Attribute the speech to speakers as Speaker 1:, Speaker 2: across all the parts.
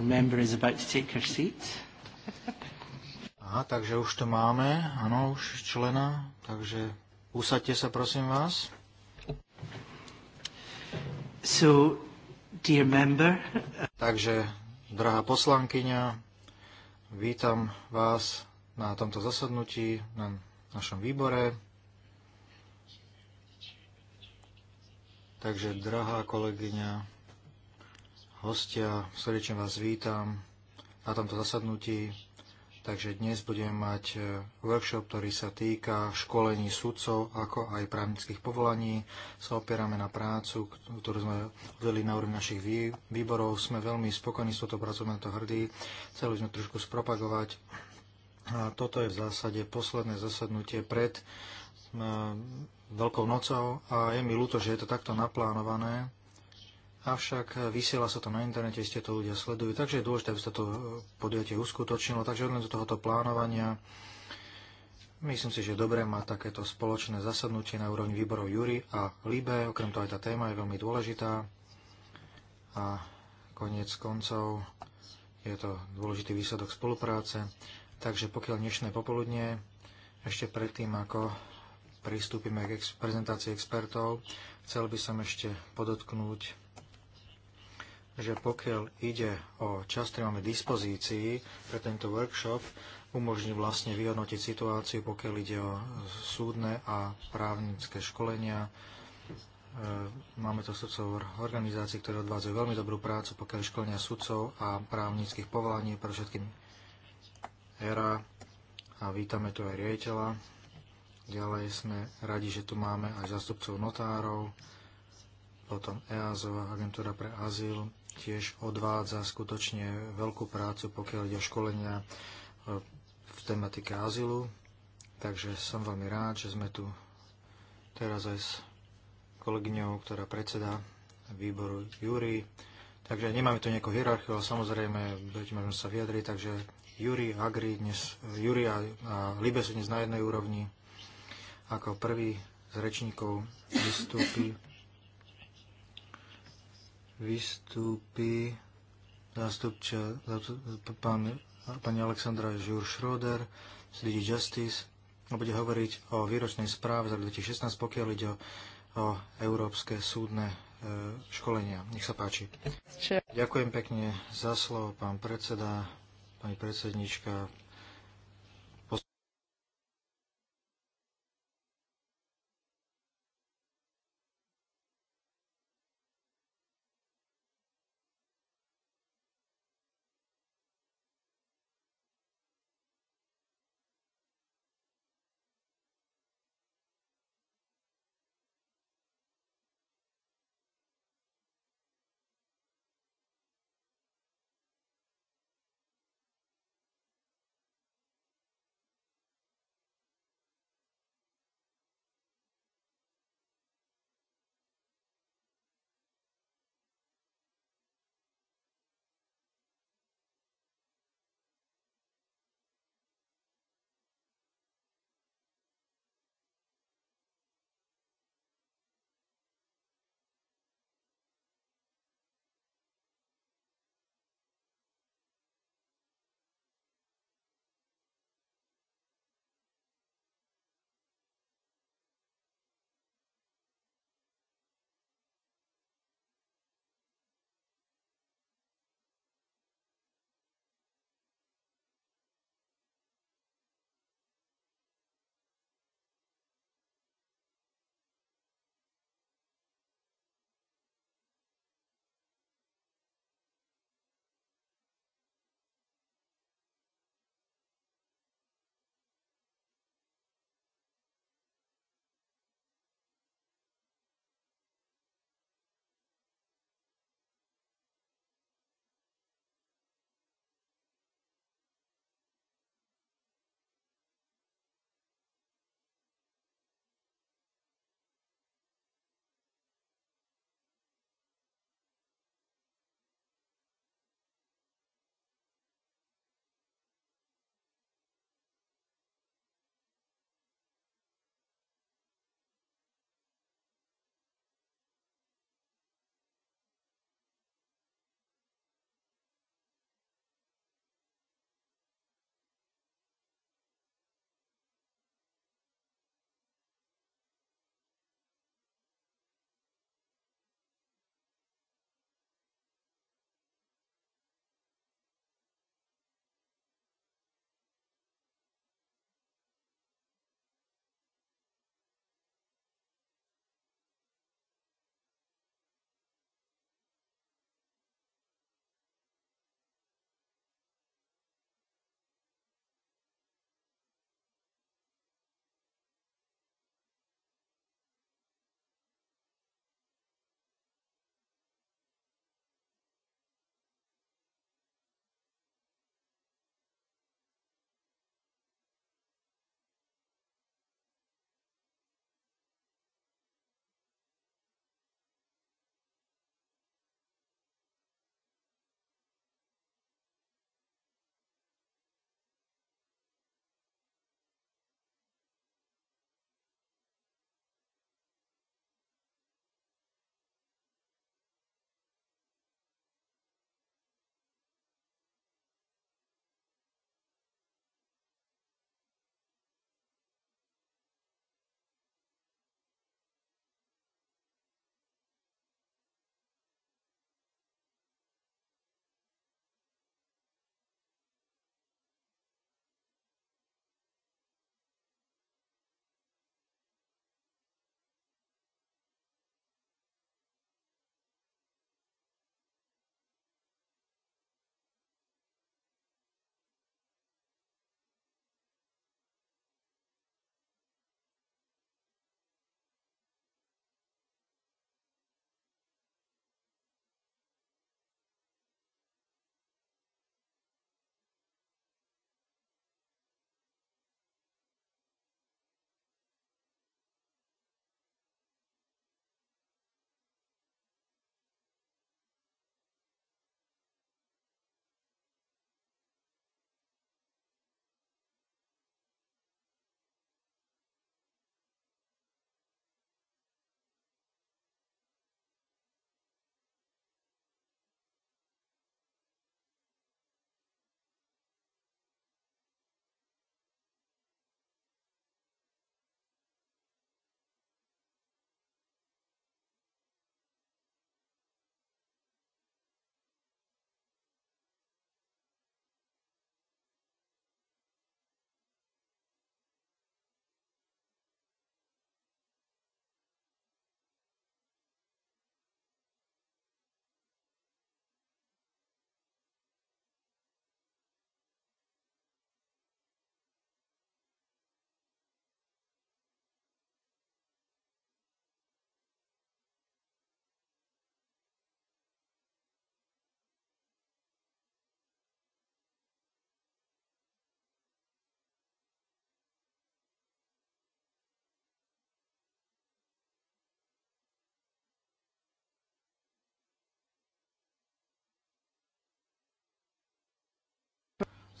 Speaker 1: Our member is about to take her seat. Aha, takže už to máme, áno, už člena, takže usaďte sa, prosím vás. So, dear member, takže, drahá poslankyňa, vítam vás na tomto zasadnutí, na našom výbore. Takže, drahá kolegyňa, hostia, srdečne vás vítam na tomto zasadnutí. Takže dnes budem mať e, workshop, ktorý sa týka školení sudcov, ako aj právnických povolaní. Sa opierame na prácu, ktorú sme vedeli na úrovni našich výborov. Sme veľmi spokojní s touto pracovnou na to hrdí. Chceli sme trošku spropagovať. A toto je v zásade posledné zasadnutie pred e, Veľkou nocou a je mi ľúto, že je to takto naplánované avšak eh, vysiela sa to na internete, ste to ľudia sledujú, takže je dôležité, aby sa to eh, podujete uskutočnilo, takže len do tohoto plánovania Myslím si, že dobre má takéto spoločné zasadnutie na úrovni výborov Jury a Libe. Okrem toho aj tá téma je veľmi dôležitá. A koniec koncov je to dôležitý výsledok spolupráce. Takže pokiaľ dnešné popoludne, ešte predtým, ako pristúpime k prezentácii expertov, chcel by som ešte podotknúť že pokiaľ ide o čas, ktorý máme dispozícii pre tento workshop, umožní vlastne vyhodnotiť situáciu, pokiaľ ide o súdne a právnické školenia. E, máme to sudcov organizácií, ktoré odvádzajú veľmi dobrú prácu, pokiaľ školenia sudcov a právnických povolaní, pre všetkým ERA a vítame tu aj riaditeľa. Ďalej sme radi, že tu máme aj zastupcov notárov, potom EASO, agentúra pre azyl, tiež odvádza skutočne veľkú prácu, pokiaľ ide o školenia e, v tematike azylu. Takže som veľmi rád, že sme tu teraz aj s kolegyňou, ktorá predseda výboru Júri. Takže nemáme tu nejakú hierarchiu, ale samozrejme budete možno sa vyjadriť, takže Júri, Agri, dnes, Júri a, a Libe sú dnes na jednej úrovni. Ako prvý z rečníkov vystúpi vystúpi zástupča, pán, pani Alexandra Žur Schroeder z DG Justice a bude hovoriť o výročnej správe za 2016, pokiaľ ide o, o európske súdne e, školenia. Nech sa páči. Ďakujem pekne za slovo, pán predseda, pani predsednička,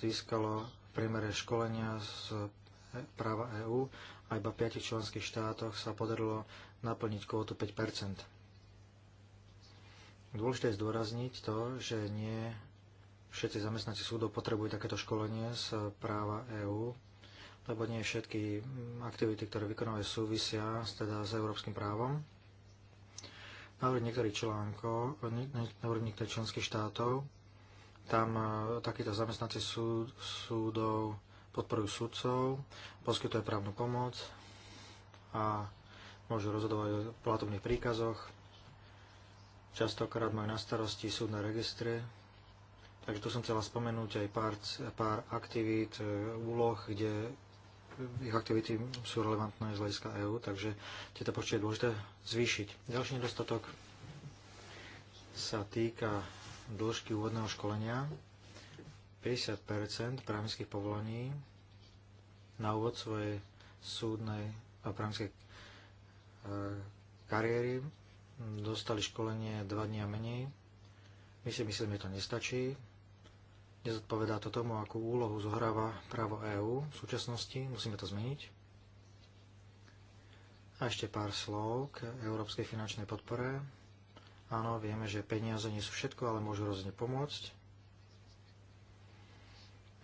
Speaker 1: získalo v priemere školenia z práva EÚ a iba v 5 členských štátoch sa podarilo naplniť kvótu 5 Dôležité je zdôrazniť to, že nie všetci zamestnanci súdov potrebujú takéto školenie z práva EÚ, lebo nie všetky aktivity, ktoré vykonávajú, súvisia teda s európskym právom. Na úrovni niektorých článkov, na úrovni niektorých členských štátov tam e, takíto zamestnanci súd, súdov podporujú sudcov, poskytuje právnu pomoc a môžu rozhodovať o platobných príkazoch. Častokrát majú na starosti súdne registre, Takže tu som chcela spomenúť aj pár, pár aktivít, e, úloh, kde ich aktivity sú relevantné z hľadiska EÚ, takže tieto počty je dôležité zvýšiť. Ďalší nedostatok sa týka dĺžky úvodného školenia. 50 právnických povolaní na úvod svojej súdnej a právnickej e, kariéry dostali školenie 2 dní a menej. My si myslíme, že to nestačí. Nezodpovedá to tomu, akú úlohu zohráva právo EÚ v súčasnosti. Musíme to zmeniť. A ešte pár slov k európskej finančnej podpore. Áno, vieme, že peniaze nie sú všetko, ale môžu rozhodne pomôcť.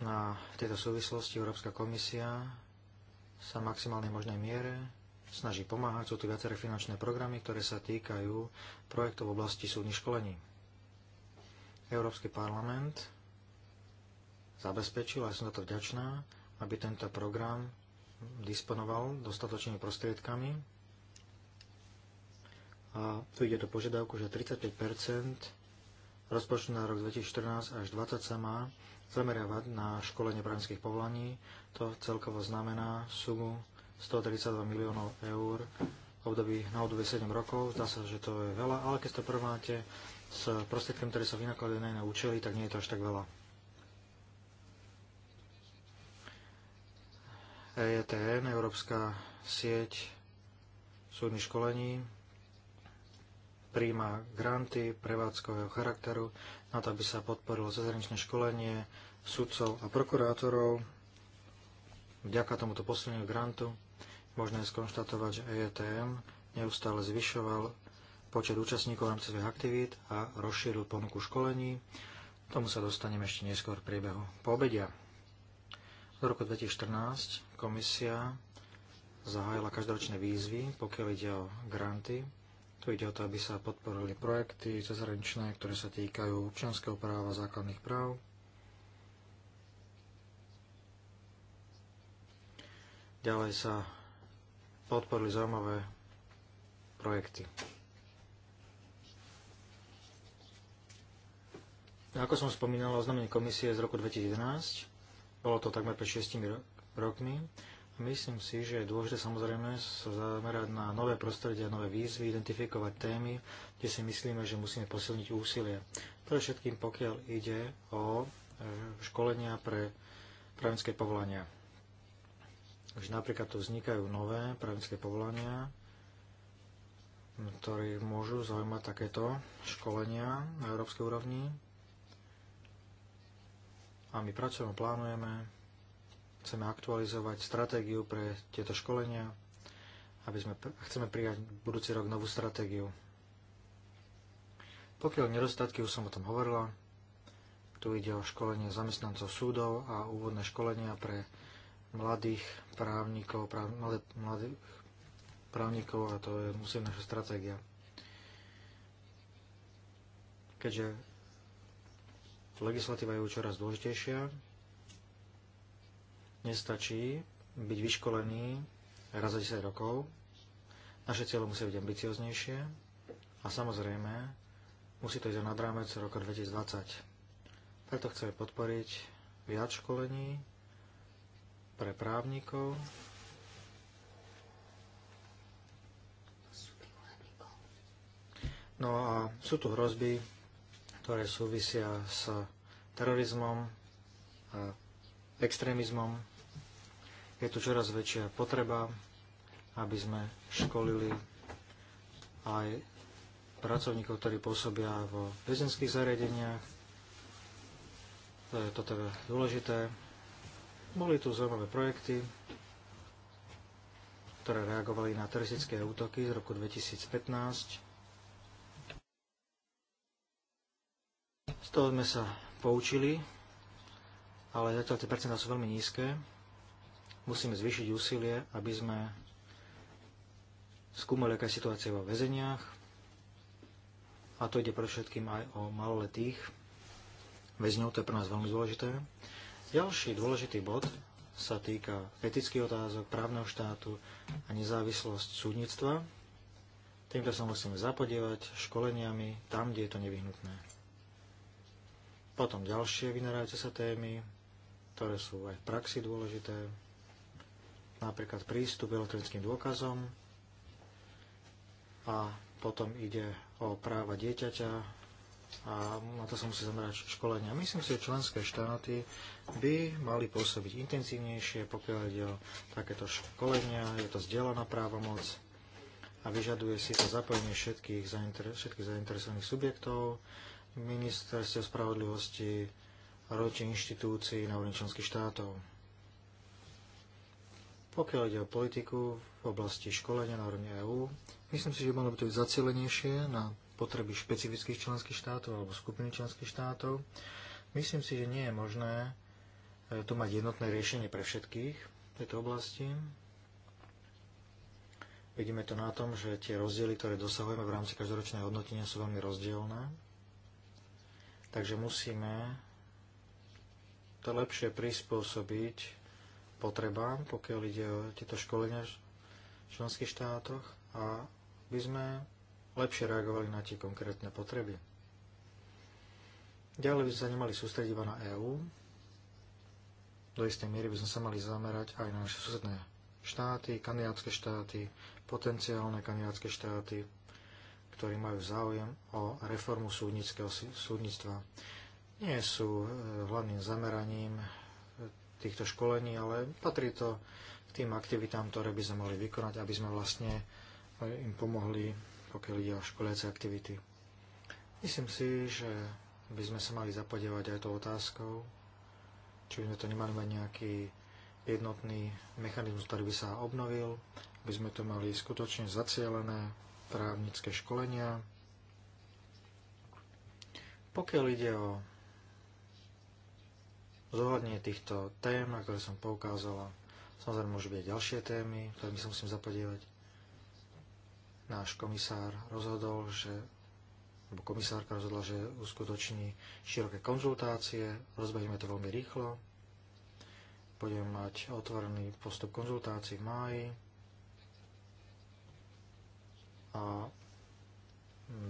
Speaker 1: Na tejto súvislosti Európska komisia sa maximálnej možnej miere snaží pomáhať. Sú tu viaceré finančné programy, ktoré sa týkajú projektov v oblasti súdnych školení. Európsky parlament zabezpečil, a som za to vďačná, aby tento program disponoval dostatočnými prostriedkami a tu ide do požiadavku, že 35 rozpočtu na rok 2014 až 20 sa má zameriavať na školenie právnických povolaní. To celkovo znamená sumu 132 miliónov eur období, na období 7 rokov. Zdá sa, že to je veľa, ale keď to porovnáte s prostriedkami, ktoré sa vynakladajú na iné účely, tak nie je to až tak veľa. EETN, Európska sieť súdnych školení, príjma granty prevádzkového charakteru na to, aby sa podporilo zahraničné školenie sudcov a prokurátorov. Vďaka tomuto poslednému grantu možné je skonštatovať, že EETM neustále zvyšoval počet účastníkov rámci svojich aktivít a rozšíril ponuku školení. K tomu sa dostaneme ešte neskôr v priebehu poobedia. V roku 2014 komisia zahájila každoročné výzvy, pokiaľ ide o granty tu ide o to, aby sa podporili projekty cezhraničné, ktoré sa týkajú občianského práva, základných práv. Ďalej sa podporili zaujímavé projekty. Ako som spomínal, oznámenie komisie z roku 2011, bolo to takmer pred 6 rokmi, Myslím si, že je dôležité samozrejme sa zamerať na nové prostredie a nové výzvy, identifikovať témy, kde si myslíme, že musíme posilniť úsilie. Pre všetkým, pokiaľ ide o e, školenia pre právnické povolania. Takže napríklad tu vznikajú nové právnické povolania, ktorých môžu zaujímať takéto školenia na európskej úrovni. A my pracujeme, plánujeme Chceme aktualizovať stratégiu pre tieto školenia, aby sme, chceme prijať budúci rok novú stratégiu. Pokiaľ nedostatky, už som o tom hovorila, tu ide o školenie zamestnancov súdov a úvodné školenia pre mladých právnikov, práv, mladé, mladých právnikov a to je musí naša stratégia. Keďže legislatíva je čoraz dôležitejšia, Nestačí byť vyškolený raz za 10 rokov. Naše cieľe musia byť ambicioznejšie a samozrejme musí to ísť nad rámec roka 2020. Preto chceme podporiť viac školení pre právnikov, No a sú tu hrozby, ktoré súvisia s terorizmom, a extrémizmom. Je tu čoraz väčšia potreba, aby sme školili aj pracovníkov, ktorí pôsobia vo väzenských zariadeniach. To je toto dôležité. Boli tu zaujímavé projekty, ktoré reagovali na teroristické útoky z roku 2015. Z toho sme sa poučili, ale zatiaľ tie percentá sú veľmi nízke musíme zvýšiť úsilie, aby sme skúmali, aká je situácia vo väzeniach. A to ide pre všetkým aj o maloletých väzňov, to je pre nás veľmi dôležité. Ďalší dôležitý bod sa týka etických otázok, právneho štátu a nezávislosť súdnictva. Týmto sa musíme zapodievať školeniami tam, kde je to nevyhnutné. Potom ďalšie vynerajúce sa témy, ktoré sú aj v praxi dôležité, napríklad prístup elektronickým dôkazom a potom ide o práva dieťaťa a na to sa musí zamerať školenia. Myslím si, že členské štáty by mali pôsobiť intenzívnejšie, pokiaľ ide o takéto školenia, je to zdieľaná právomoc a vyžaduje si to zapojenie všetkých, zainter- všetkých zainteresovaných subjektov, ministerstvo spravodlivosti, ročných inštitúcií na úrovni členských štátov. Pokiaľ ide o politiku v oblasti školenia na úrovni EÚ, myslím si, že malo by to byť zacielenejšie na potreby špecifických členských štátov alebo skupiny členských štátov. Myslím si, že nie je možné e, tu mať jednotné riešenie pre všetkých v tejto oblasti. Vidíme to na tom, že tie rozdiely, ktoré dosahujeme v rámci každoročného hodnotenia, sú veľmi rozdielne. Takže musíme to lepšie prispôsobiť potrebám, pokiaľ ide o tieto školenia v členských štátoch a by sme lepšie reagovali na tie konkrétne potreby. Ďalej by sme sa nemali sústrediť iba na EÚ. Do istej miery by sme sa mali zamerať aj na naše susedné štáty, kandidátske štáty, potenciálne kandidátske štáty, ktorí majú záujem o reformu súdnického súdnictva. Nie sú eh, hlavným zameraním týchto školení, ale patrí to k tým aktivitám, ktoré by sme mohli vykonať, aby sme vlastne im pomohli, pokiaľ ide o školiace aktivity. Myslím si, že by sme sa mali zapodievať aj tou otázkou, či by sme to nemali mať nejaký jednotný mechanizmus, ktorý by sa obnovil, aby sme to mali skutočne zacielené právnické školenia. Pokiaľ ide o zohľadnenie týchto tém, na ktoré som poukázala. Samozrejme, môžu byť ďalšie témy, ktoré my sa musím zapodievať. Náš komisár rozhodol, že alebo komisárka rozhodla, že uskutoční široké konzultácie, rozbehneme to veľmi rýchlo. Budeme mať otvorený postup konzultácií v máji a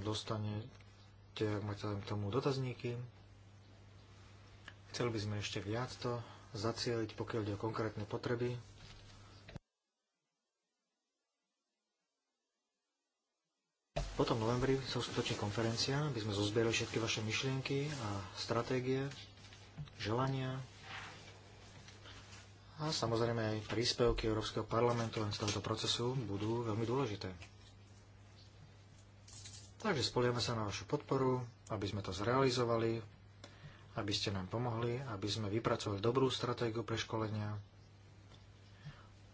Speaker 1: dostanete, ak máte k tomu dotazníky, Chceli by sme ešte viac to zacieliť, pokiaľ ide o konkrétne potreby. Potom v novembri sa uskutoční konferencia, by sme zozbierali všetky vaše myšlienky a stratégie, želania a samozrejme aj príspevky Európskeho parlamentu z tohto procesu budú veľmi dôležité. Takže spolieme sa na vašu podporu, aby sme to zrealizovali aby ste nám pomohli, aby sme vypracovali dobrú stratégiu pre školenia,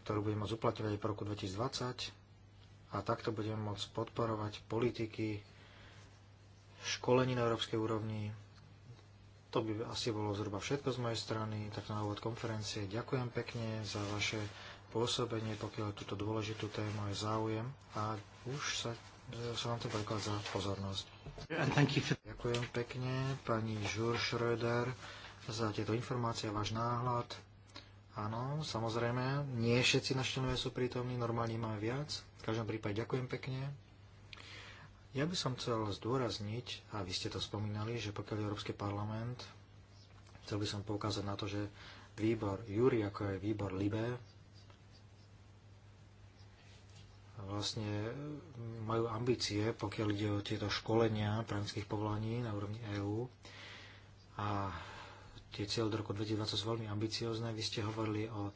Speaker 1: ktorú budeme môcť uplatňovať aj po roku 2020 a takto budeme môcť podporovať politiky školení na európskej úrovni. To by asi bolo zhruba všetko z mojej strany, takto na úvod konferencie. Ďakujem pekne za vaše pôsobenie, pokiaľ je túto dôležitú tému aj záujem. A už sa sa vám to prekladá za pozornosť. Ďakujem pekne pani Žur Schröder za tieto informácie a váš náhľad. Áno, samozrejme, nie všetci naši členovia sú prítomní, normálne máme viac. V každom prípade ďakujem pekne. Ja by som chcel zdôrazniť, a vy ste to spomínali, že pokiaľ Európsky parlament, chcel by som poukázať na to, že výbor Júri, ako aj výbor Libé, vlastne majú ambície, pokiaľ ide o tieto školenia právnických povolaní na úrovni EÚ. A tie cieľ do roku 2020 sú veľmi ambiciozne. Vy ste hovorili o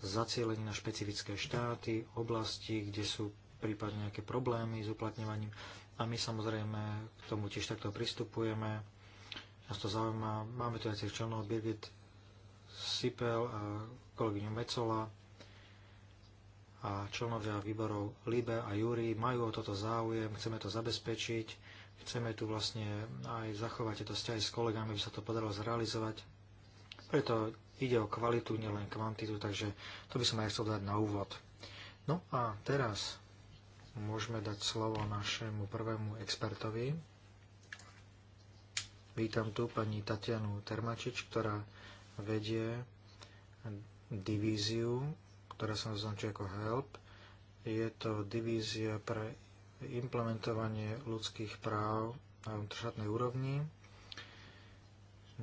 Speaker 1: zacielení na špecifické štáty, oblasti, kde sú prípadne nejaké problémy s uplatňovaním. A my samozrejme k tomu tiež takto pristupujeme. Nás to zaujíma. Máme tu aj tých členov Birgit Sipel a kolegyňu Mecola a členovia výborov LIBE a Júri majú o toto záujem, chceme to zabezpečiť, chceme tu vlastne aj zachovať tieto vzťahy s kolegami, aby sa to podarilo zrealizovať. Preto ide o kvalitu, nielen kvantitu, takže to by som aj chcel dať na úvod. No a teraz môžeme dať slovo našemu prvému expertovi. Vítam tu pani Tatianu Termačič, ktorá vedie divíziu ktorá sa označuje ako HELP. Je to divízia pre implementovanie ľudských práv na vnútroštátnej úrovni.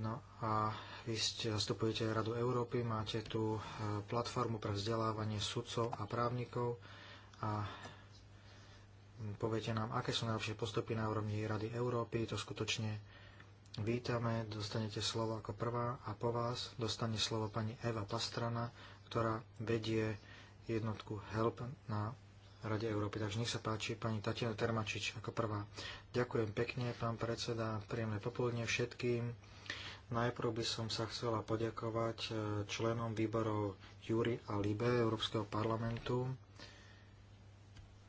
Speaker 1: No a vy ste zastupujete Radu Európy, máte tu e, platformu pre vzdelávanie sudcov a právnikov a poviete nám, aké sú najlepšie postupy na úrovni Rady Európy. To skutočne vítame. Dostanete slovo ako prvá a po vás dostane slovo pani Eva Pastrana, ktorá vedie jednotku HELP na Rade Európy. Takže nech sa páči pani Tatiana Termačič ako prvá. Ďakujem pekne, pán predseda, príjemné popoludne všetkým. Najprv by som sa chcela poďakovať eh, členom výborov Júri a Libe Európskeho parlamentu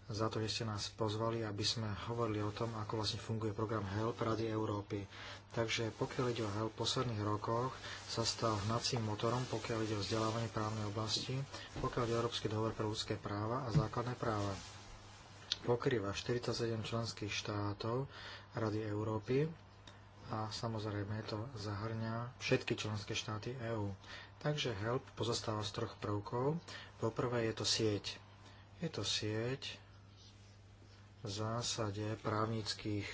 Speaker 1: za to, že ste nás pozvali, aby sme hovorili o tom, ako vlastne funguje program HELP Rady Európy. Takže pokiaľ ide o HELP, v posledných rokoch sa stal hnacím motorom, pokiaľ ide o vzdelávanie právnej oblasti, pokiaľ ide o Európsky dohovor pre ľudské práva a základné práva. Pokrýva 47 členských štátov Rady Európy a samozrejme to zahrňa všetky členské štáty EÚ. Takže HELP pozostáva z troch prvkov. Poprvé je to sieť. Je to sieť v zásade právnických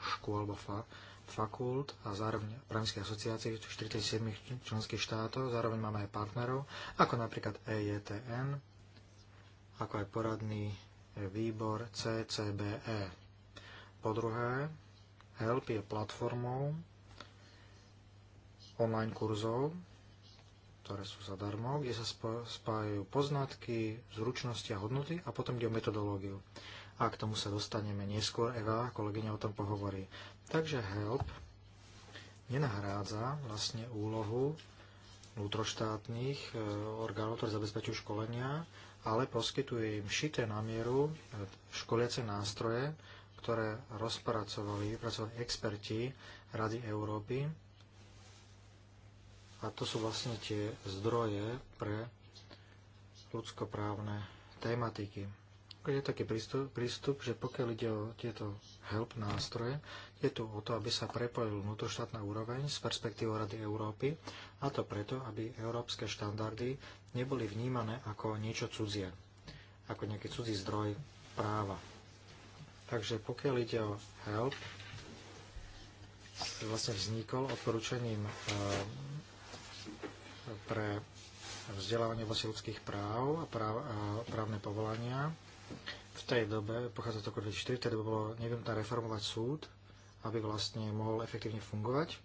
Speaker 1: škôl alebo fa, fakult a zároveň právnických asociácií v 47 členských štátov, zároveň máme aj partnerov, ako napríklad EJTN, ako aj poradný výbor CCBE. Po druhé, HELP je platformou online kurzov, ktoré sú zadarmo, kde sa spájajú poznatky, zručnosti a hodnoty a potom ide o metodológiu a k tomu sa dostaneme neskôr. Eva, kolegyňa o tom pohovorí. Takže HELP nenahrádza vlastne úlohu vnútroštátnych e, orgánov, ktoré zabezpečujú školenia, ale poskytuje im šité na mieru e, školiace nástroje, ktoré rozpracovali, vypracovali experti Rady Európy. A to sú vlastne tie zdroje pre ľudskoprávne tematiky je taký prístup, prístup, že pokiaľ ide o tieto help nástroje, je tu o to, aby sa prepojil vnútroštátna úroveň s perspektívou Rady Európy, a to preto, aby európske štandardy neboli vnímané ako niečo cudzie, ako nejaký cudzí zdroj práva. Takže pokiaľ ide o help, vlastne vznikol odporúčaním eh, pre vzdelávanie vlastne ľudských práv a práv, eh, právne povolania v tej dobe, pochádza to ako 2004, vtedy bolo nevyhnutné reformovať súd, aby vlastne mohol efektívne fungovať.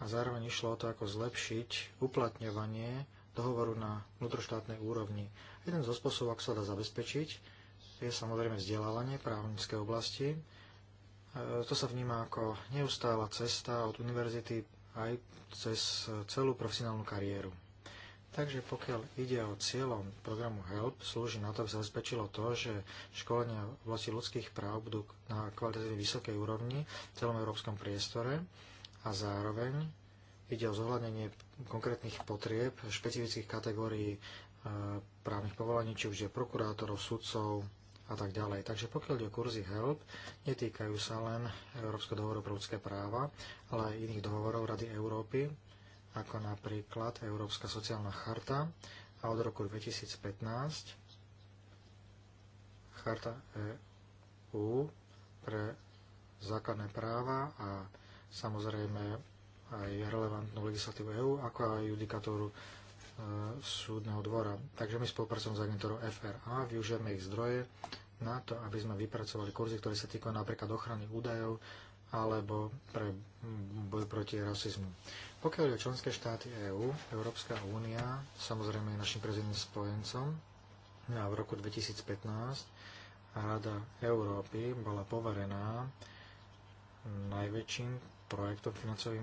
Speaker 1: A zároveň išlo o to, ako zlepšiť uplatňovanie dohovoru na vnútroštátnej úrovni. Jeden zo spôsobov, ako sa dá zabezpečiť, je samozrejme vzdelávanie právnické oblasti. E, to sa vníma ako neustála cesta od univerzity aj cez celú profesionálnu kariéru. Takže pokiaľ ide o cieľom programu HELP, slúži na to, aby zabezpečilo to, že školenia v oblasti ľudských práv budú na kvalitatívne vysokej úrovni v celom európskom priestore a zároveň ide o zohľadnenie konkrétnych potrieb špecifických kategórií e, právnych povolaní, či už je prokurátorov, sudcov a tak ďalej. Takže pokiaľ ide o kurzy HELP, netýkajú sa len Európskeho dohovoru pre ľudské práva, ale aj iných dohovorov Rady Európy, ako napríklad Európska sociálna charta a od roku 2015 charta EU pre základné práva a samozrejme aj relevantnú legislatívu EÚ, ako aj judikatúru e, súdneho dvora. Takže my spolupracujeme s agentúrou FRA, využijeme ich zdroje na to, aby sme vypracovali kurzy, ktoré sa týkajú napríklad ochrany údajov, alebo pre boj proti rasizmu. Pokiaľ je členské štáty EÚ, EU, Európska únia samozrejme je našim prezidentom spojencom no a v roku 2015 Rada Európy bola poverená najväčším projektom financovým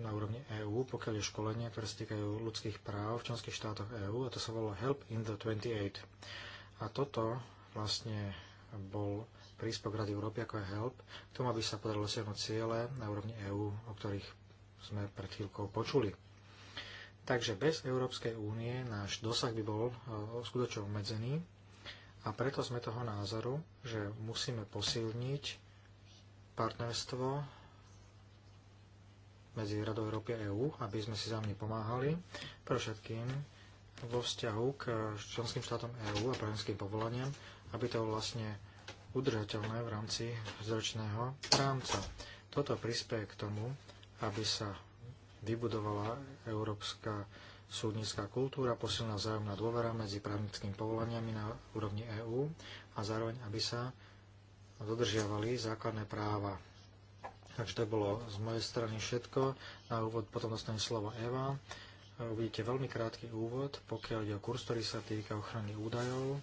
Speaker 1: na úrovni EÚ, pokiaľ je školenia, ktoré sa týkajú ľudských práv v členských štátoch EÚ, a to sa volalo Help in the 28. A toto vlastne bol príspevok Rady Európy, ako je HELP, k tomu, aby sa podarilo siahnuť ciele na úrovni EÚ, o ktorých sme pred chvíľkou počuli. Takže bez Európskej únie náš dosah by bol e, skutočne obmedzený a preto sme toho názoru, že musíme posilniť partnerstvo medzi Radou Európy a EÚ, aby sme si zájomne pomáhali, pre všetkým vo vzťahu k členským štátom EÚ a právnickým povolaniam, aby to vlastne udržateľné v rámci zročného rámca. Toto prispieje k tomu, aby sa vybudovala európska súdnická kultúra, posilná vzájomná dôvera medzi právnickými povolaniami na úrovni EÚ a zároveň, aby sa dodržiavali základné práva. Takže to bolo z mojej strany všetko. Na úvod potom dostane slovo Eva. Uvidíte veľmi krátky úvod, pokiaľ ide o kurz, ktorý sa týka ochrany údajov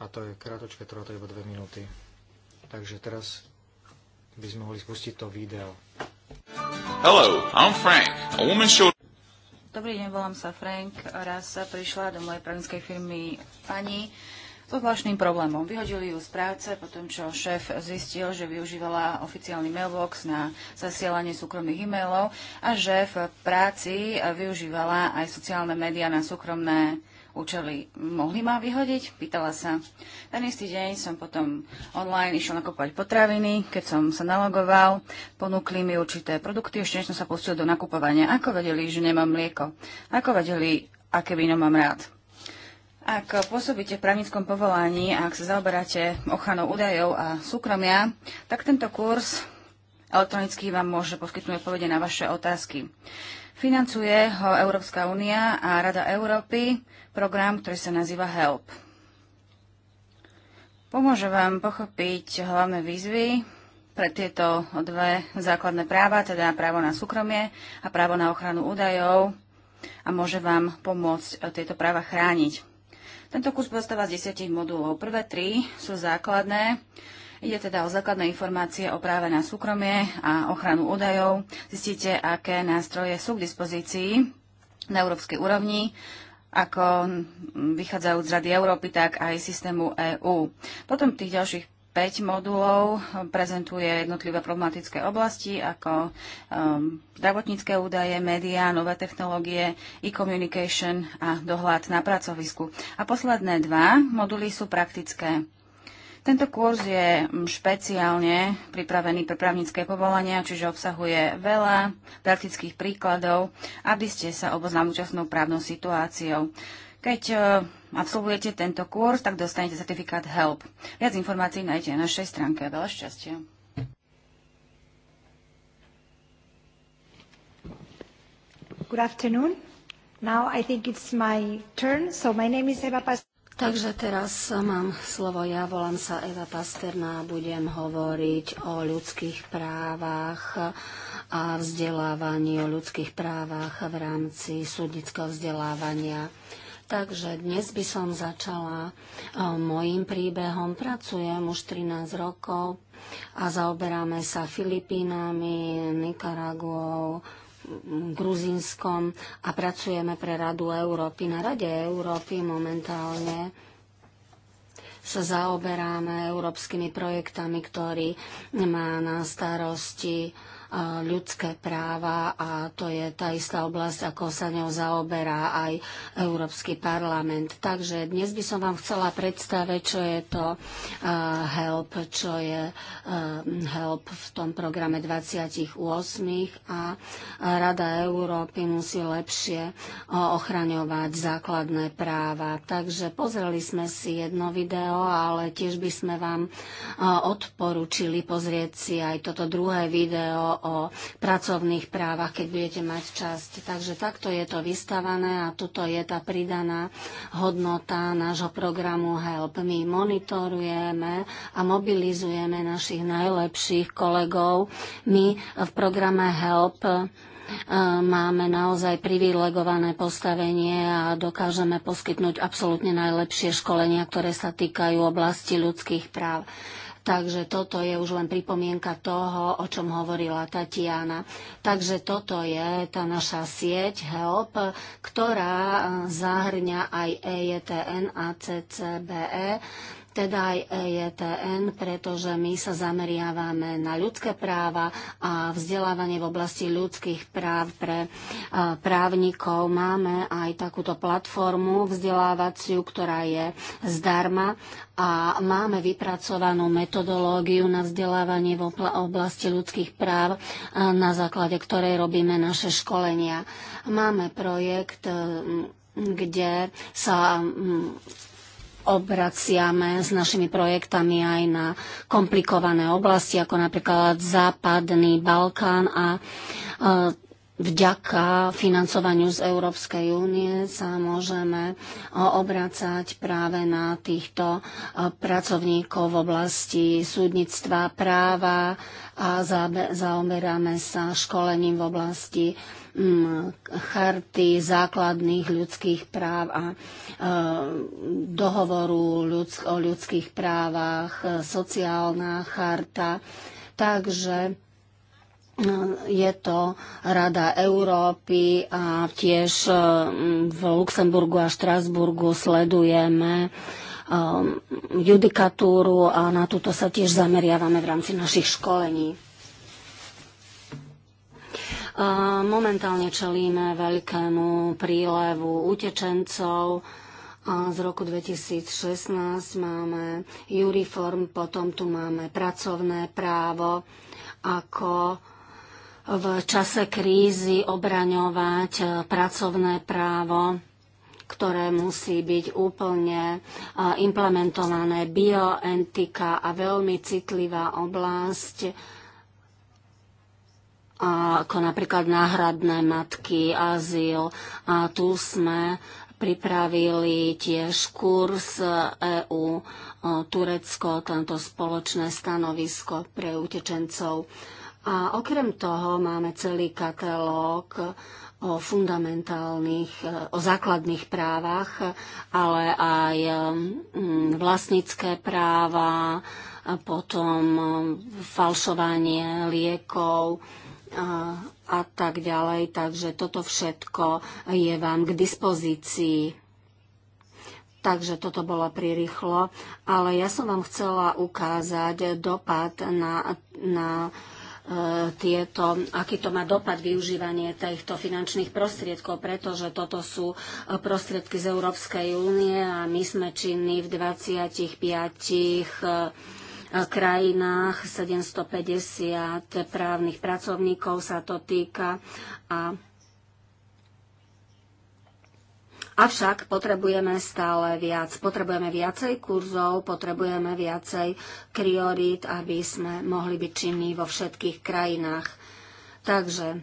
Speaker 1: a to je krátočké, trvá to iba dve minúty. Takže teraz by sme mohli spustiť to
Speaker 2: video. Hello, I'm Frank. A woman showed...
Speaker 3: Dobrý deň, volám sa Frank. Raz sa prišla do mojej právnickej firmy pani so zvláštnym problémom. Vyhodili ju z práce po tom, čo šéf zistil, že využívala oficiálny mailbox na zasielanie súkromných e-mailov a že v práci využívala aj sociálne médiá na súkromné účely. Mohli ma vyhodiť? Pýtala sa. Ten istý deň som potom online išiel nakupovať potraviny. Keď som sa nalogoval, ponúkli mi určité produkty, ešte než som sa pustil do nakupovania. Ako vedeli, že nemám mlieko? Ako vedeli, aké víno mám rád? Ak pôsobíte v právnickom povolaní a ak sa zaoberáte ochranou údajov a súkromia, tak tento kurz elektronicky vám môže poskytnúť odpovede na vaše otázky. Financuje ho Európska únia a Rada Európy, program, ktorý sa nazýva HELP. Pomôže vám pochopiť hlavné výzvy pre tieto dve základné práva, teda právo na súkromie a právo na ochranu údajov a môže vám pomôcť tieto práva chrániť. Tento kus pozostáva z 10 modulov. Prvé tri sú základné Ide teda o základné informácie o práve na súkromie a ochranu údajov. Zistíte, aké nástroje sú k dispozícii na európskej úrovni, ako vychádzajú z Rady Európy, tak aj systému EÚ. Potom tých ďalších 5 modulov prezentuje jednotlivé problematické oblasti ako um, zdravotnícke údaje, médiá, nové technológie, e-communication a dohľad na pracovisku. A posledné dva moduly sú praktické. Tento kurz je mm, špeciálne pripravený pre právnické povolania, čiže obsahuje veľa praktických príkladov, aby ste sa oboznámili súčasnou právnou situáciou. Keď e, absolvujete tento kurz, tak dostanete certifikát HELP. Viac informácií nájdete na našej stránke. Veľa šťastia. Good afternoon.
Speaker 2: Now I think it's my turn. So my name is Eva Pas Takže teraz mám slovo ja, volám sa Eva Pasterná a budem hovoriť o ľudských právach a vzdelávaní o ľudských právach v rámci súdnického vzdelávania. Takže dnes by som začala mojim príbehom. Pracujem už 13 rokov a zaoberáme sa Filipínami, Nikaraguou, Gruzínskom a pracujeme pre Radu Európy. Na Rade Európy momentálne sa zaoberáme európskymi projektami, ktorý má na starosti ľudské práva a to je tá istá oblasť, ako sa ňou zaoberá aj Európsky parlament. Takže dnes by som vám chcela predstaviť, čo je to HELP, čo je HELP v tom programe 28 a Rada Európy musí lepšie ochraňovať základné práva. Takže pozreli sme si jedno video, ale tiež by sme vám odporúčili pozrieť si aj toto druhé video o pracovných právach, keď budete mať časť. Takže takto je to vystavané a tuto je tá pridaná hodnota nášho programu HELP. My monitorujeme a mobilizujeme našich najlepších kolegov. My v programe HELP eh, máme naozaj privilegované postavenie a dokážeme poskytnúť absolútne najlepšie školenia, ktoré sa týkajú oblasti ľudských práv. Takže toto je už len pripomienka toho, o čom hovorila Tatiana. Takže toto je tá naša sieť HELP, ktorá e, zahrňa aj EJTN a CCBE teda aj EJTN, pretože my sa zameriavame na ľudské práva a vzdelávanie v oblasti ľudských práv pre e, právnikov. Máme aj takúto platformu vzdelávaciu, ktorá je zdarma a máme vypracovanú metodológiu na vzdelávanie v oblasti ľudských práv, e, na základe ktorej robíme naše školenia. Máme projekt, kde sa obraciame s našimi projektami aj na komplikované oblasti, ako napríklad Západný Balkán a e, vďaka financovaniu z Európskej únie sa môžeme eh, obracať práve na týchto eh, pracovníkov v oblasti súdnictva práva a zaoberáme sa školením v oblasti mm, charty základných ľudských práv a e, dohovoru o ľudských právach, sociálna charta. Takže je to Rada Európy a tiež e, v Luxemburgu a Štrasburgu sledujeme e, judikatúru a na túto sa tiež zameriavame v rámci našich školení. E, momentálne čelíme veľkému prílevu utečencov. Z roku 2016 máme juriform, potom tu máme pracovné právo ako v čase krízy obraňovať eh, pracovné právo ktoré musí byť úplne eh, implementované. Bioentika a veľmi citlivá oblasť, ako napríklad náhradné matky, azyl. A tu sme pripravili tiež kurz EU eh, e Turecko, tento spoločné stanovisko pre utečencov. A okrem toho máme celý katalóg o fundamentálnych, e, o základných právach, ale aj e, vlastnícke práva, potom e, falšovanie liekov a tak ďalej. Takže toto všetko je vám k dispozícii. Takže toto bolo prirýchlo, ale ja som vám chcela ukázať dopad na, na E, tieto, aký to má dopad využívanie týchto finančných prostriedkov, pretože toto sú e, prostriedky z Európskej únie a my sme činní v 25 e, krajinách, 750 právnych pracovníkov sa to týka a Avšak potrebujeme stále viac. Potrebujeme viacej kurzov, potrebujeme viacej kriorít, aby sme mohli byť činní vo všetkých krajinách. Takže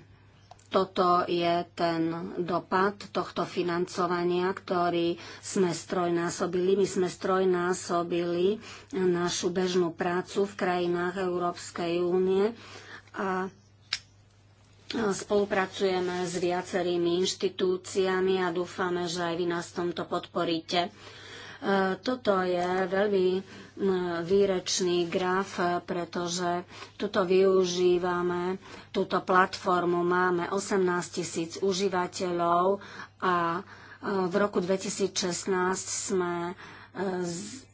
Speaker 2: toto je ten dopad tohto financovania, ktorý sme strojnásobili. My sme strojnásobili našu bežnú prácu v krajinách Európskej únie a Spolupracujeme s viacerými inštitúciami a dúfame, že aj vy nás v tomto podporíte. E, toto je veľmi výrečný graf, pretože tuto využívame, túto platformu máme 18 tisíc užívateľov a e, v roku 2016 sme e,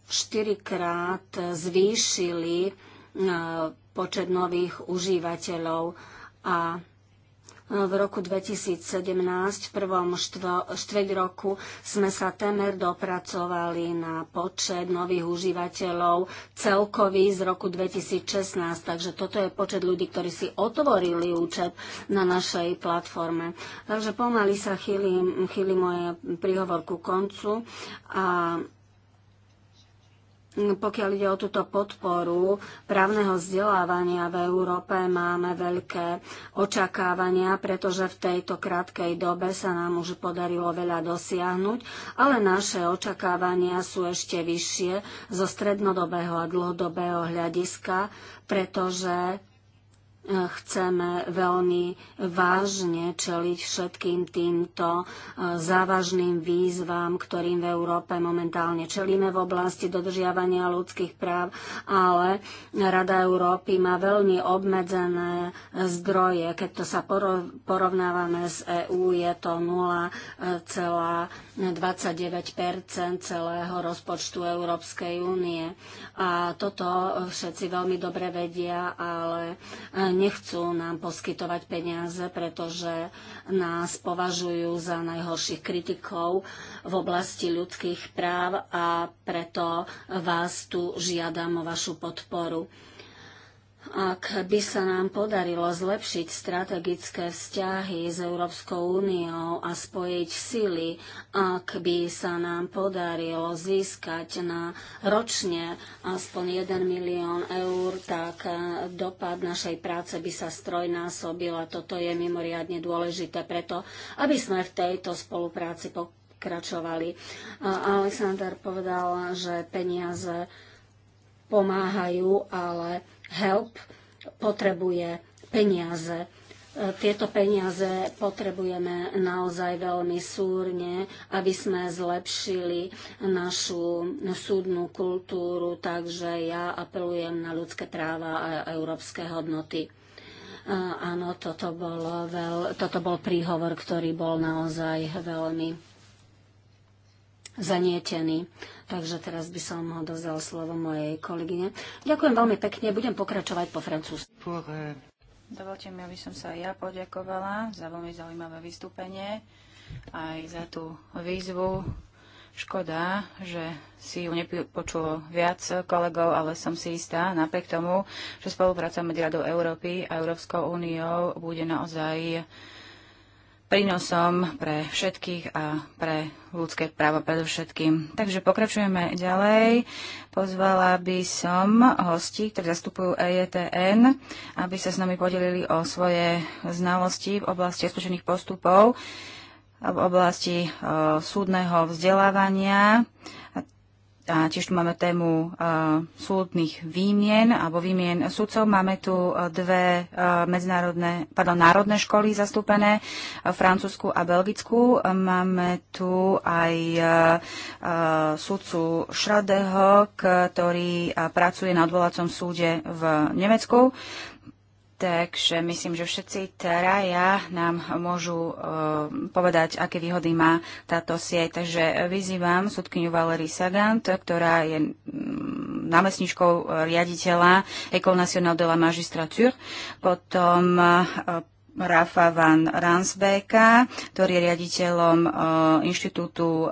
Speaker 2: štyrikrát zvýšili počet nových užívateľov a v roku 2017, v prvom štveť roku, sme sa temer dopracovali na počet nových užívateľov celkový z roku 2016. Takže toto je počet ľudí, ktorí si otvorili účet na našej platforme. Takže pomaly sa chýli, chýli moje príhovor ku koncu a pokiaľ ide o túto podporu právneho vzdelávania v Európe, máme veľké očakávania, pretože v tejto krátkej dobe sa nám už podarilo veľa dosiahnuť, ale naše očakávania sú ešte vyššie zo strednodobého a dlhodobého hľadiska, pretože chceme veľmi vážne čeliť všetkým týmto e, závažným výzvam, ktorým v Európe momentálne čelíme v oblasti dodržiavania ľudských práv, ale Rada Európy má veľmi obmedzené zdroje. Keď to sa porovnávame s EÚ, je to 0,29 celého rozpočtu Európskej únie. A toto všetci veľmi dobre vedia, ale nechcú nám poskytovať peniaze, pretože nás považujú za najhorších kritikov v oblasti ľudských práv a preto vás tu žiadam o vašu podporu. Ak by sa nám podarilo zlepšiť strategické vzťahy s Európskou úniou a spojiť sily, ak by sa nám podarilo získať na ročne aspoň 1 milión eur, tak dopad našej práce by sa strojnásobil a toto je mimoriadne dôležité preto, aby sme v tejto spolupráci pokračovali. Aleksandr povedal, že peniaze pomáhajú, ale help potrebuje peniaze. E, tieto peniaze potrebujeme naozaj veľmi súrne, aby sme zlepšili našu súdnu kultúru, takže ja apelujem na ľudské práva a európske hodnoty. E, áno, toto, bolo veľ, toto bol príhovor, ktorý bol naozaj veľmi zanietený. Takže teraz by som ho dozal slovo mojej kolegyne. Ďakujem veľmi pekne, budem pokračovať po francúzsku.
Speaker 3: Dovolte mi, aby som sa aj ja poďakovala za veľmi zaujímavé vystúpenie, aj za tú výzvu. Škoda, že si ju nepočulo viac kolegov, ale som si istá, napriek tomu, že spolupráca medzi Radou Európy a Európskou úniou bude naozaj prínosom pre všetkých a pre ľudské práva predovšetkým. Takže pokračujeme ďalej. Pozvala by som hosti, ktorí zastupujú EJTN, aby sa s nami podelili o svoje znalosti v oblasti ospočených postupov v oblasti e, súdneho vzdelávania a tiež tu máme tému e, súdnych výmien alebo výmien súdcov. Máme tu e, dve e, medzinárodné, pardon, národné školy zastúpené, francúzsku a belgickú. Máme tu aj súdcu Schradeho, ktorý pracuje na odvolacom súde v Nemecku. Takže myslím, že všetci traja nám môžu e, povedať, aké výhody má táto sieť. Takže vyzývam súdkyňu Valery Sagant, ktorá je námestničkou riaditeľa École nationale de la magistrature, potom e, Rafa van Ransbeka, ktorý je riaditeľom e, Inštitútu e,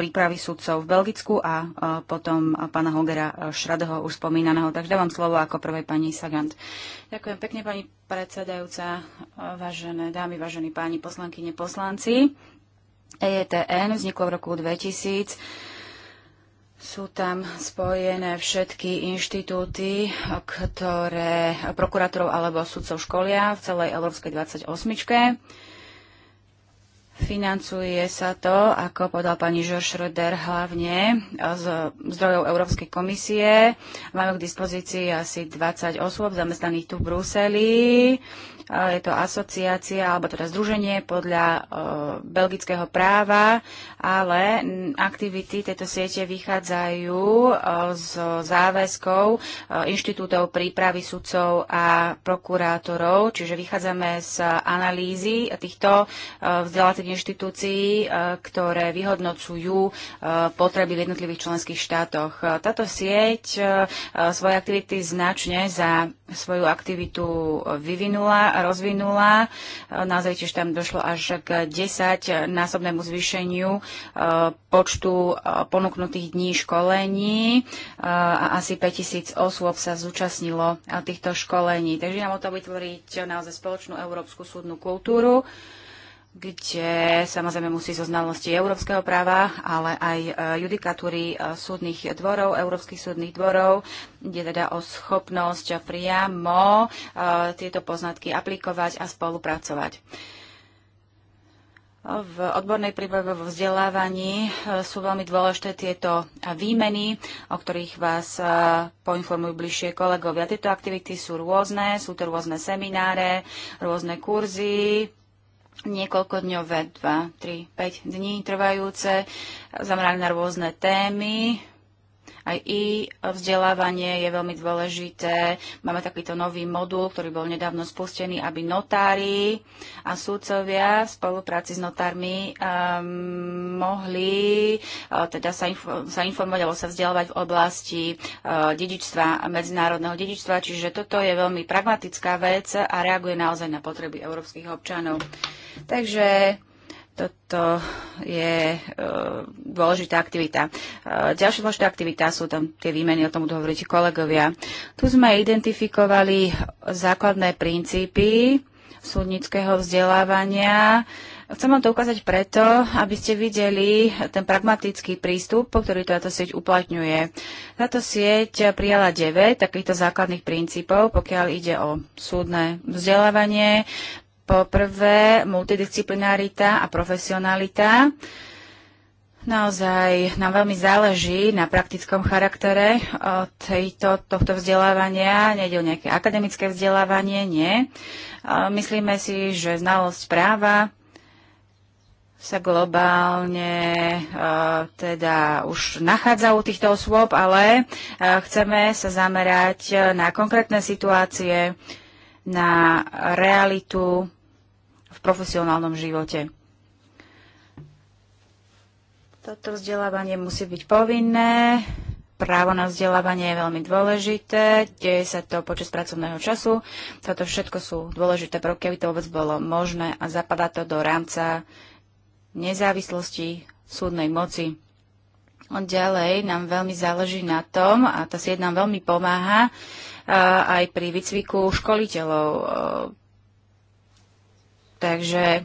Speaker 3: prípravy sudcov v Belgicku a potom pána Hogera e, Šradeho už spomínaného. Takže dávam slovo ako prvej pani Sagant. Ďakujem pekne, pani predsedajúca, e, vážené dámy, vážení páni poslankyne, poslanci. EETN vzniklo v roku 2000. Sú tam spojené všetky inštitúty, ktoré prokurátorov alebo sudcov školia v celej Európskej 28. Financuje sa to, ako povedal pani George Schröder, hlavne z zdrojov Európskej komisie. Máme k dispozícii asi 20 osôb zamestnaných tu v Bruseli. Je to asociácia, alebo teda združenie podľa e, belgického práva, ale aktivity tejto siete vychádzajú e, z záväzkov e, inštitútov prípravy sudcov a prokurátorov, čiže vychádzame z analýzy týchto vzdelávacích inštitúcií, e, ktoré vyhodnocujú e, potreby v jednotlivých členských štátoch. E, táto sieť svoje aktivity značne za svoju aktivitu vyvinula, a rozvinula. Naozaj tiež tam došlo až k 10-násobnému zvýšeniu počtu ponúknutých dní školení a asi 5000 osôb sa zúčastnilo týchto školení. Takže nám o to vytvoriť naozaj spoločnú európsku súdnu kultúru kde samozrejme musí zo znalosti európskeho práva, ale aj e, judikatúry e, súdnych dvorov, európskych súdnych dvorov, kde teda o schopnosť priamo e, tieto poznatky aplikovať a spolupracovať. V odbornej príprave vo vzdelávaní sú veľmi dôležité tieto výmeny, o ktorých vás poinformujú bližšie kolegovia. Tieto aktivity sú rôzne, sú to rôzne semináre, rôzne kurzy, niekoľkodňové, 2, 3, 5 dní trvajúce, zamerané na rôzne témy, aj i vzdelávanie je veľmi dôležité. Máme takýto nový modul, ktorý bol nedávno spustený, aby notári a súdcovia v spolupráci s notármi um, mohli uh, teda sa, info, sa informovať alebo sa vzdelávať v oblasti uh, dedičstva, medzinárodného dedičstva. Čiže toto je veľmi pragmatická vec a reaguje naozaj na potreby európskych občanov. Takže toto je e, dôležitá aktivita. E, ďalšia dôležitá aktivita sú tam tie výmeny, o tom budú hovoriť kolegovia. Tu sme identifikovali základné princípy súdnického vzdelávania. Chcem vám to ukázať preto, aby ste videli ten pragmatický prístup, po ktorý táto sieť uplatňuje. Táto sieť prijala 9 takýchto základných princípov, pokiaľ ide o súdne vzdelávanie. Po prvé, multidisciplinarita a profesionalita. Naozaj nám veľmi záleží na praktickom charaktere eh, tejto, tohto vzdelávania. Nejde o nejaké akademické vzdelávanie, nie. Eh, myslíme si, že znalosť práva sa globálne eh, teda už nachádza u týchto osôb, ale chceme sa zamerať na konkrétne situácie, na realitu v profesionálnom živote. Toto vzdelávanie musí byť povinné. Právo na vzdelávanie je veľmi dôležité, deje sa to počas pracovného času. Toto všetko sú dôležité prvky, aby to vôbec bolo možné a zapadá to do rámca nezávislosti súdnej moci. Od ďalej nám veľmi záleží na tom, a tá sieť nám veľmi pomáha, aj pri výcviku školiteľov, Takže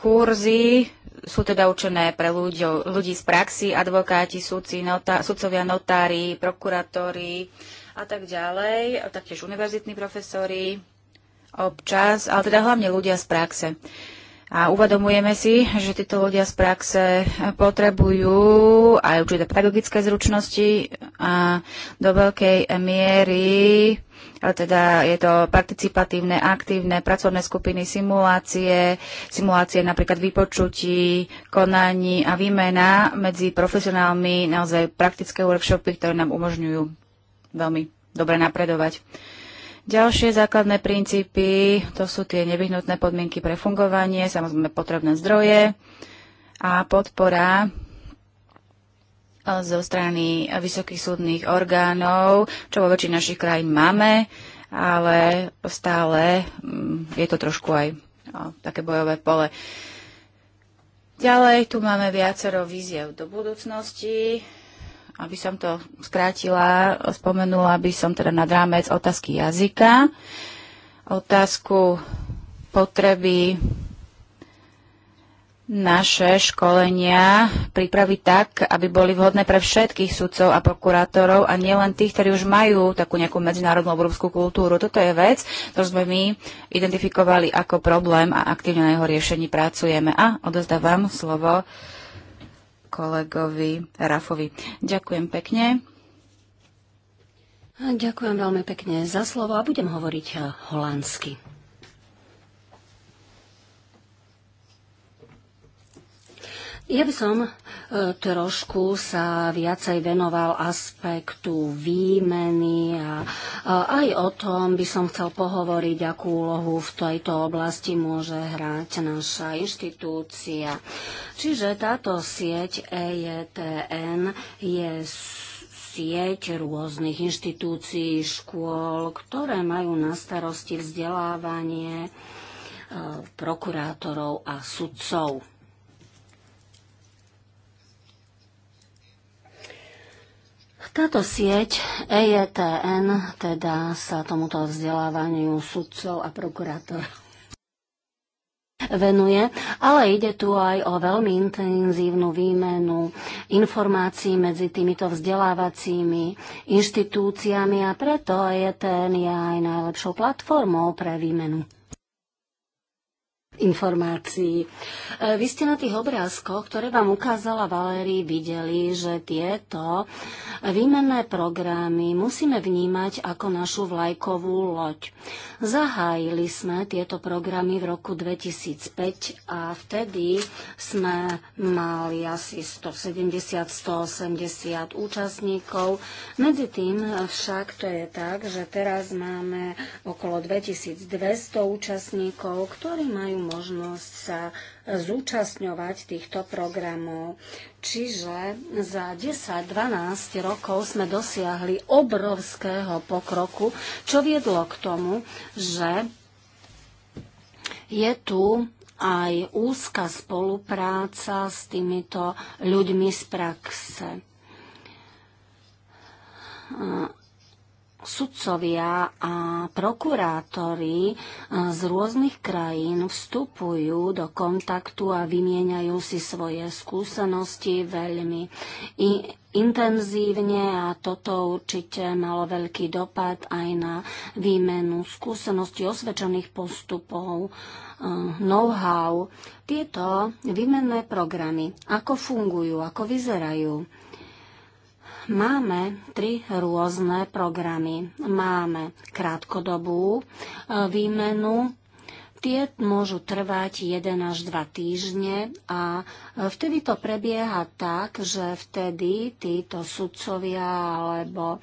Speaker 3: kurzy sú teda určené pre ľudí, ľudí z praxi, advokáti, súci, notá, sudcovia, notári, prokurátori a tak ďalej, taktiež univerzitní profesori občas, ale teda hlavne ľudia z praxe. A uvedomujeme si, že títo ľudia z praxe potrebujú aj určité pedagogické zručnosti a do veľkej miery teda je to participatívne, aktívne, pracovné skupiny, simulácie, simulácie napríklad vypočutí, konaní a výmena medzi profesionálmi, naozaj praktické workshopy, ktoré nám umožňujú veľmi dobre napredovať. Ďalšie základné princípy, to sú tie nevyhnutné podmienky pre fungovanie, samozrejme potrebné zdroje a podpora zo strany vysokých súdnych orgánov, čo vo väčšine našich krajín máme, ale stále mm, je to trošku aj no, také bojové pole. Ďalej tu máme viacero víziev do budúcnosti. Aby som to skrátila, spomenula by som teda nad rámec otázky jazyka, otázku potreby naše školenia pripraviť tak, aby boli vhodné pre všetkých sudcov a prokurátorov a nielen tých, ktorí už majú takú nejakú medzinárodnú obrovskú kultúru. Toto je vec, ktorú sme my identifikovali ako problém a aktívne na jeho riešení pracujeme. A odozdávam slovo kolegovi Rafovi. Ďakujem pekne. Ďakujem veľmi pekne za slovo a budem hovoriť holandsky.
Speaker 2: Ja by som e, trošku sa viacej venoval aspektu výmeny a aj o tom by som chcel pohovoriť, akú úlohu v tejto oblasti môže hrať naša inštitúcia. Čiže táto sieť EJTN je sieť rôznych inštitúcií, škôl, ktoré majú na starosti vzdelávanie e, prokurátorov a sudcov. Táto sieť EJTN teda sa tomuto vzdelávaniu sudcov a prokurátorov venuje, ale ide tu aj o veľmi intenzívnu výmenu informácií medzi týmito vzdelávacími inštitúciami a preto ETN je aj najlepšou platformou pre výmenu informácií. E, vy ste na tých obrázkoch, ktoré vám ukázala Valérii, videli, že tieto výmenné programy musíme vnímať ako našu vlajkovú loď. Zahájili sme tieto programy v roku 2005 a vtedy sme mali asi 170-180 účastníkov. Medzi tým však to je tak, že teraz máme okolo 2200 účastníkov, ktorí majú možnosť sa zúčastňovať týchto programov. Čiže za 10-12 rokov sme dosiahli obrovského pokroku, čo viedlo k tomu, že je tu aj úzka spolupráca s týmito ľuďmi z praxe sudcovia a prokurátori eh, z rôznych krajín vstupujú do kontaktu a vymieňajú si svoje skúsenosti veľmi I intenzívne a toto určite malo veľký dopad aj na výmenu skúseností osvedčených postupov, eh, know-how. Tieto výmenné programy, ako fungujú, ako vyzerajú Máme tri rôzne programy. Máme krátkodobú e, výmenu, tie môžu trvať 1 až 2 týždne a e, vtedy to prebieha tak, že vtedy títo sudcovia alebo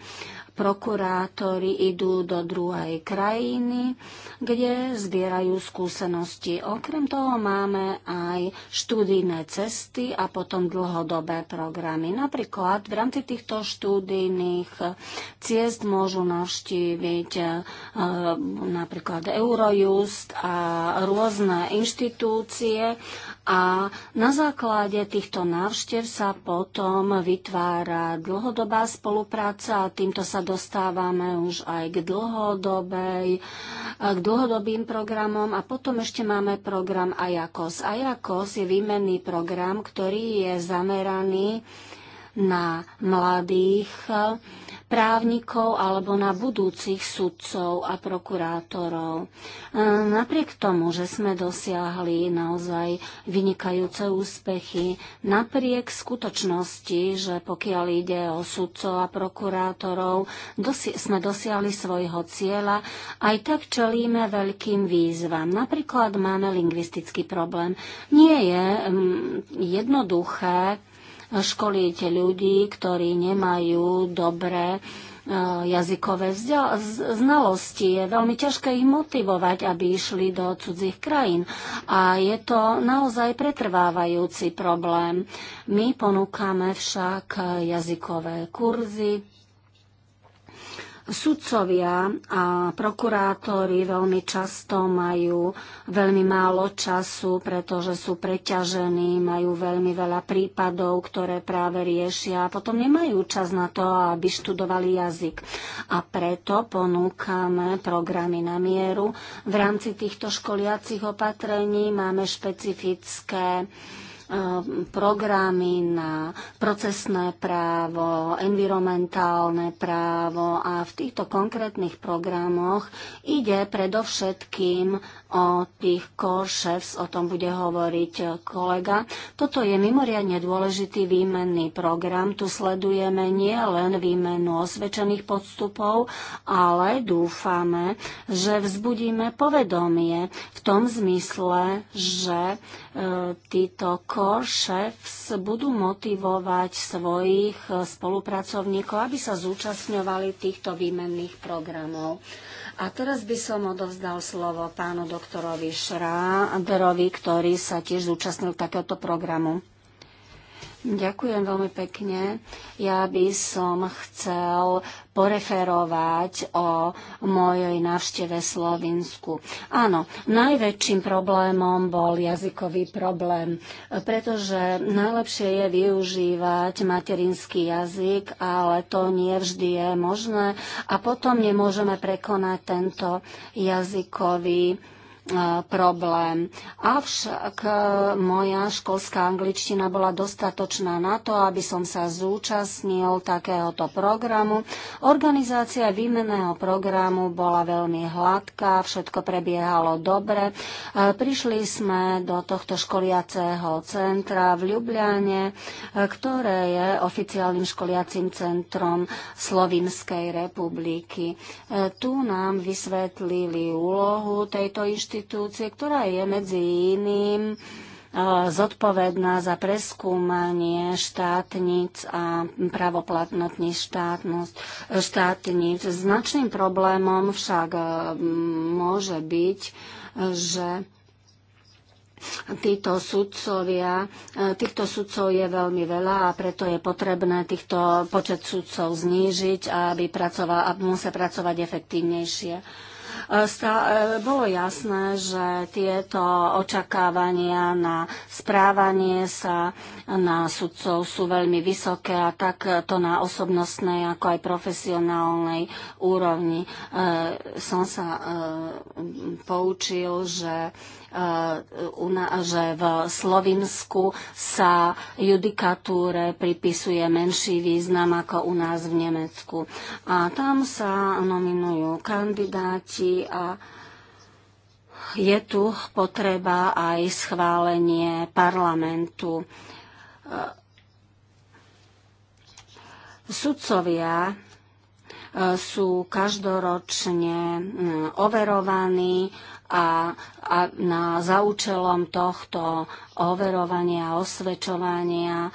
Speaker 2: prokurátori idú do druhej krajiny, kde zbierajú skúsenosti. Okrem toho máme aj študijné cesty a potom dlhodobé programy. Napríklad v rámci týchto študijných ciest môžu navštíviť eh, napríklad Eurojust a rôzne inštitúcie a na základe týchto návštev sa potom vytvára dlhodobá spolupráca a týmto sa dostávame už aj k dlhodobej, k dlhodobým programom a potom ešte máme program AJAKOS. AJAKOS je výmenný program, ktorý je zameraný na mladých právnikov alebo na budúcich sudcov a prokurátorov. E, napriek tomu, že sme dosiahli naozaj vynikajúce úspechy, napriek skutočnosti, že pokiaľ ide o sudcov a prokurátorov, dosi- sme dosiahli svojho cieľa, aj tak čelíme veľkým výzvam. Napríklad máme lingvistický problém. Nie je mm, jednoduché školíte ľudí, ktorí nemajú dobré e, jazykové znalosti. Je veľmi ťažké ich motivovať, aby išli do cudzích krajín. A je to naozaj pretrvávajúci problém. My ponúkame však jazykové kurzy, Sudcovia a prokurátori veľmi často majú veľmi málo času, pretože sú preťažení, majú veľmi veľa prípadov, ktoré práve riešia a potom nemajú čas na to, aby študovali jazyk. A preto ponúkame programy na mieru. V rámci týchto školiacich opatrení máme špecifické Ehm, programy na procesné právo, environmentálne právo a v týchto konkrétnych programoch ide predovšetkým o tých core chefs, o tom bude hovoriť kolega. Toto je mimoriadne dôležitý výmenný program. Tu sledujeme nie len výmenu osvedčených podstupov, ale dúfame, že vzbudíme povedomie v tom zmysle, že E, títo core chefs budú motivovať svojich e, spolupracovníkov, aby sa zúčastňovali týchto výmenných programov. A teraz by som odovzdal slovo pánu doktorovi Šráderovi, ktorý sa tiež zúčastnil takéhoto programu. Ďakujem veľmi pekne. Ja by som chcel poreferovať o mojej návšteve Slovensku. Áno, najväčším problémom bol jazykový problém, pretože najlepšie je využívať materinský jazyk, ale to nie vždy je možné a potom nemôžeme prekonať tento jazykový problém E, problém. Avšak e, moja školská angličtina bola dostatočná na to, aby som sa zúčastnil takéhoto programu. Organizácia výmenného programu bola veľmi hladká, všetko prebiehalo dobre. E, prišli sme do tohto školiaceho centra v Ljubljane, ktoré je oficiálnym školiacím centrom Slovinskej republiky. Tu nám vysvetlili úlohu tejto inštitúcie inštitúcie, ktorá je medzi iným e, zodpovedná za preskúmanie štátnic a pravoplatnotní štátnosť, štátnic. Značným problémom však e, môže byť, že títo sudcovia, e, týchto sudcov je veľmi veľa a preto je potrebné týchto počet sudcov znížiť, aby pracoval, a musia pracovať efektívnejšie. E, e, bolo jasné, že tieto očakávania na správanie sa na sudcov sú veľmi vysoké a tak to na osobnostnej ako aj profesionálnej úrovni. E, som sa poučil, že že v Slovinsku sa judikatúre pripisuje menší význam ako u nás v Nemecku. A tam sa nominujú kandidáti a je tu potreba aj schválenie parlamentu. Sudcovia e, sú každoročne overovaní a, a na, za účelom tohto overovania, a osvečovania e,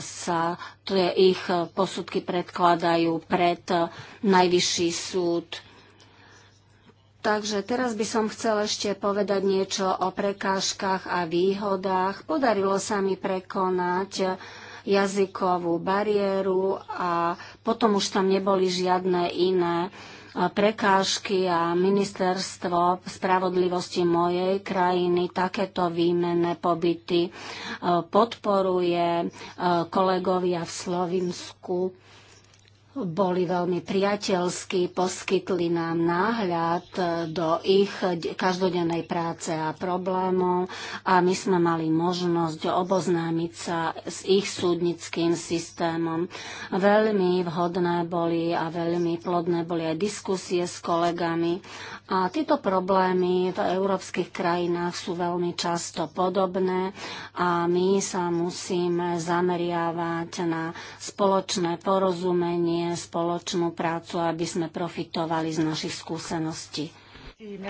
Speaker 2: sa tie ich posudky predkladajú pred najvyšší súd. Takže teraz by som chcel ešte povedať niečo o prekážkach a výhodách. Podarilo sa mi prekonať jazykovú bariéru a potom už tam neboli žiadne iné uh, prekážky a ministerstvo spravodlivosti mojej krajiny takéto výmenné pobyty e, podporuje e, kolegovia v Slovensku boli veľmi priateľskí, poskytli nám náhľad do ich každodennej práce a problémov a my sme mali možnosť oboznámiť sa s ich súdnickým systémom. Veľmi vhodné boli a veľmi plodné boli aj diskusie s kolegami a tieto problémy v európskych krajinách sú veľmi často podobné a my sa musíme zameriavať na spoločné porozumenie spoločne, spoločnú prácu, aby sme profitovali z našich skúseností.
Speaker 3: Euh,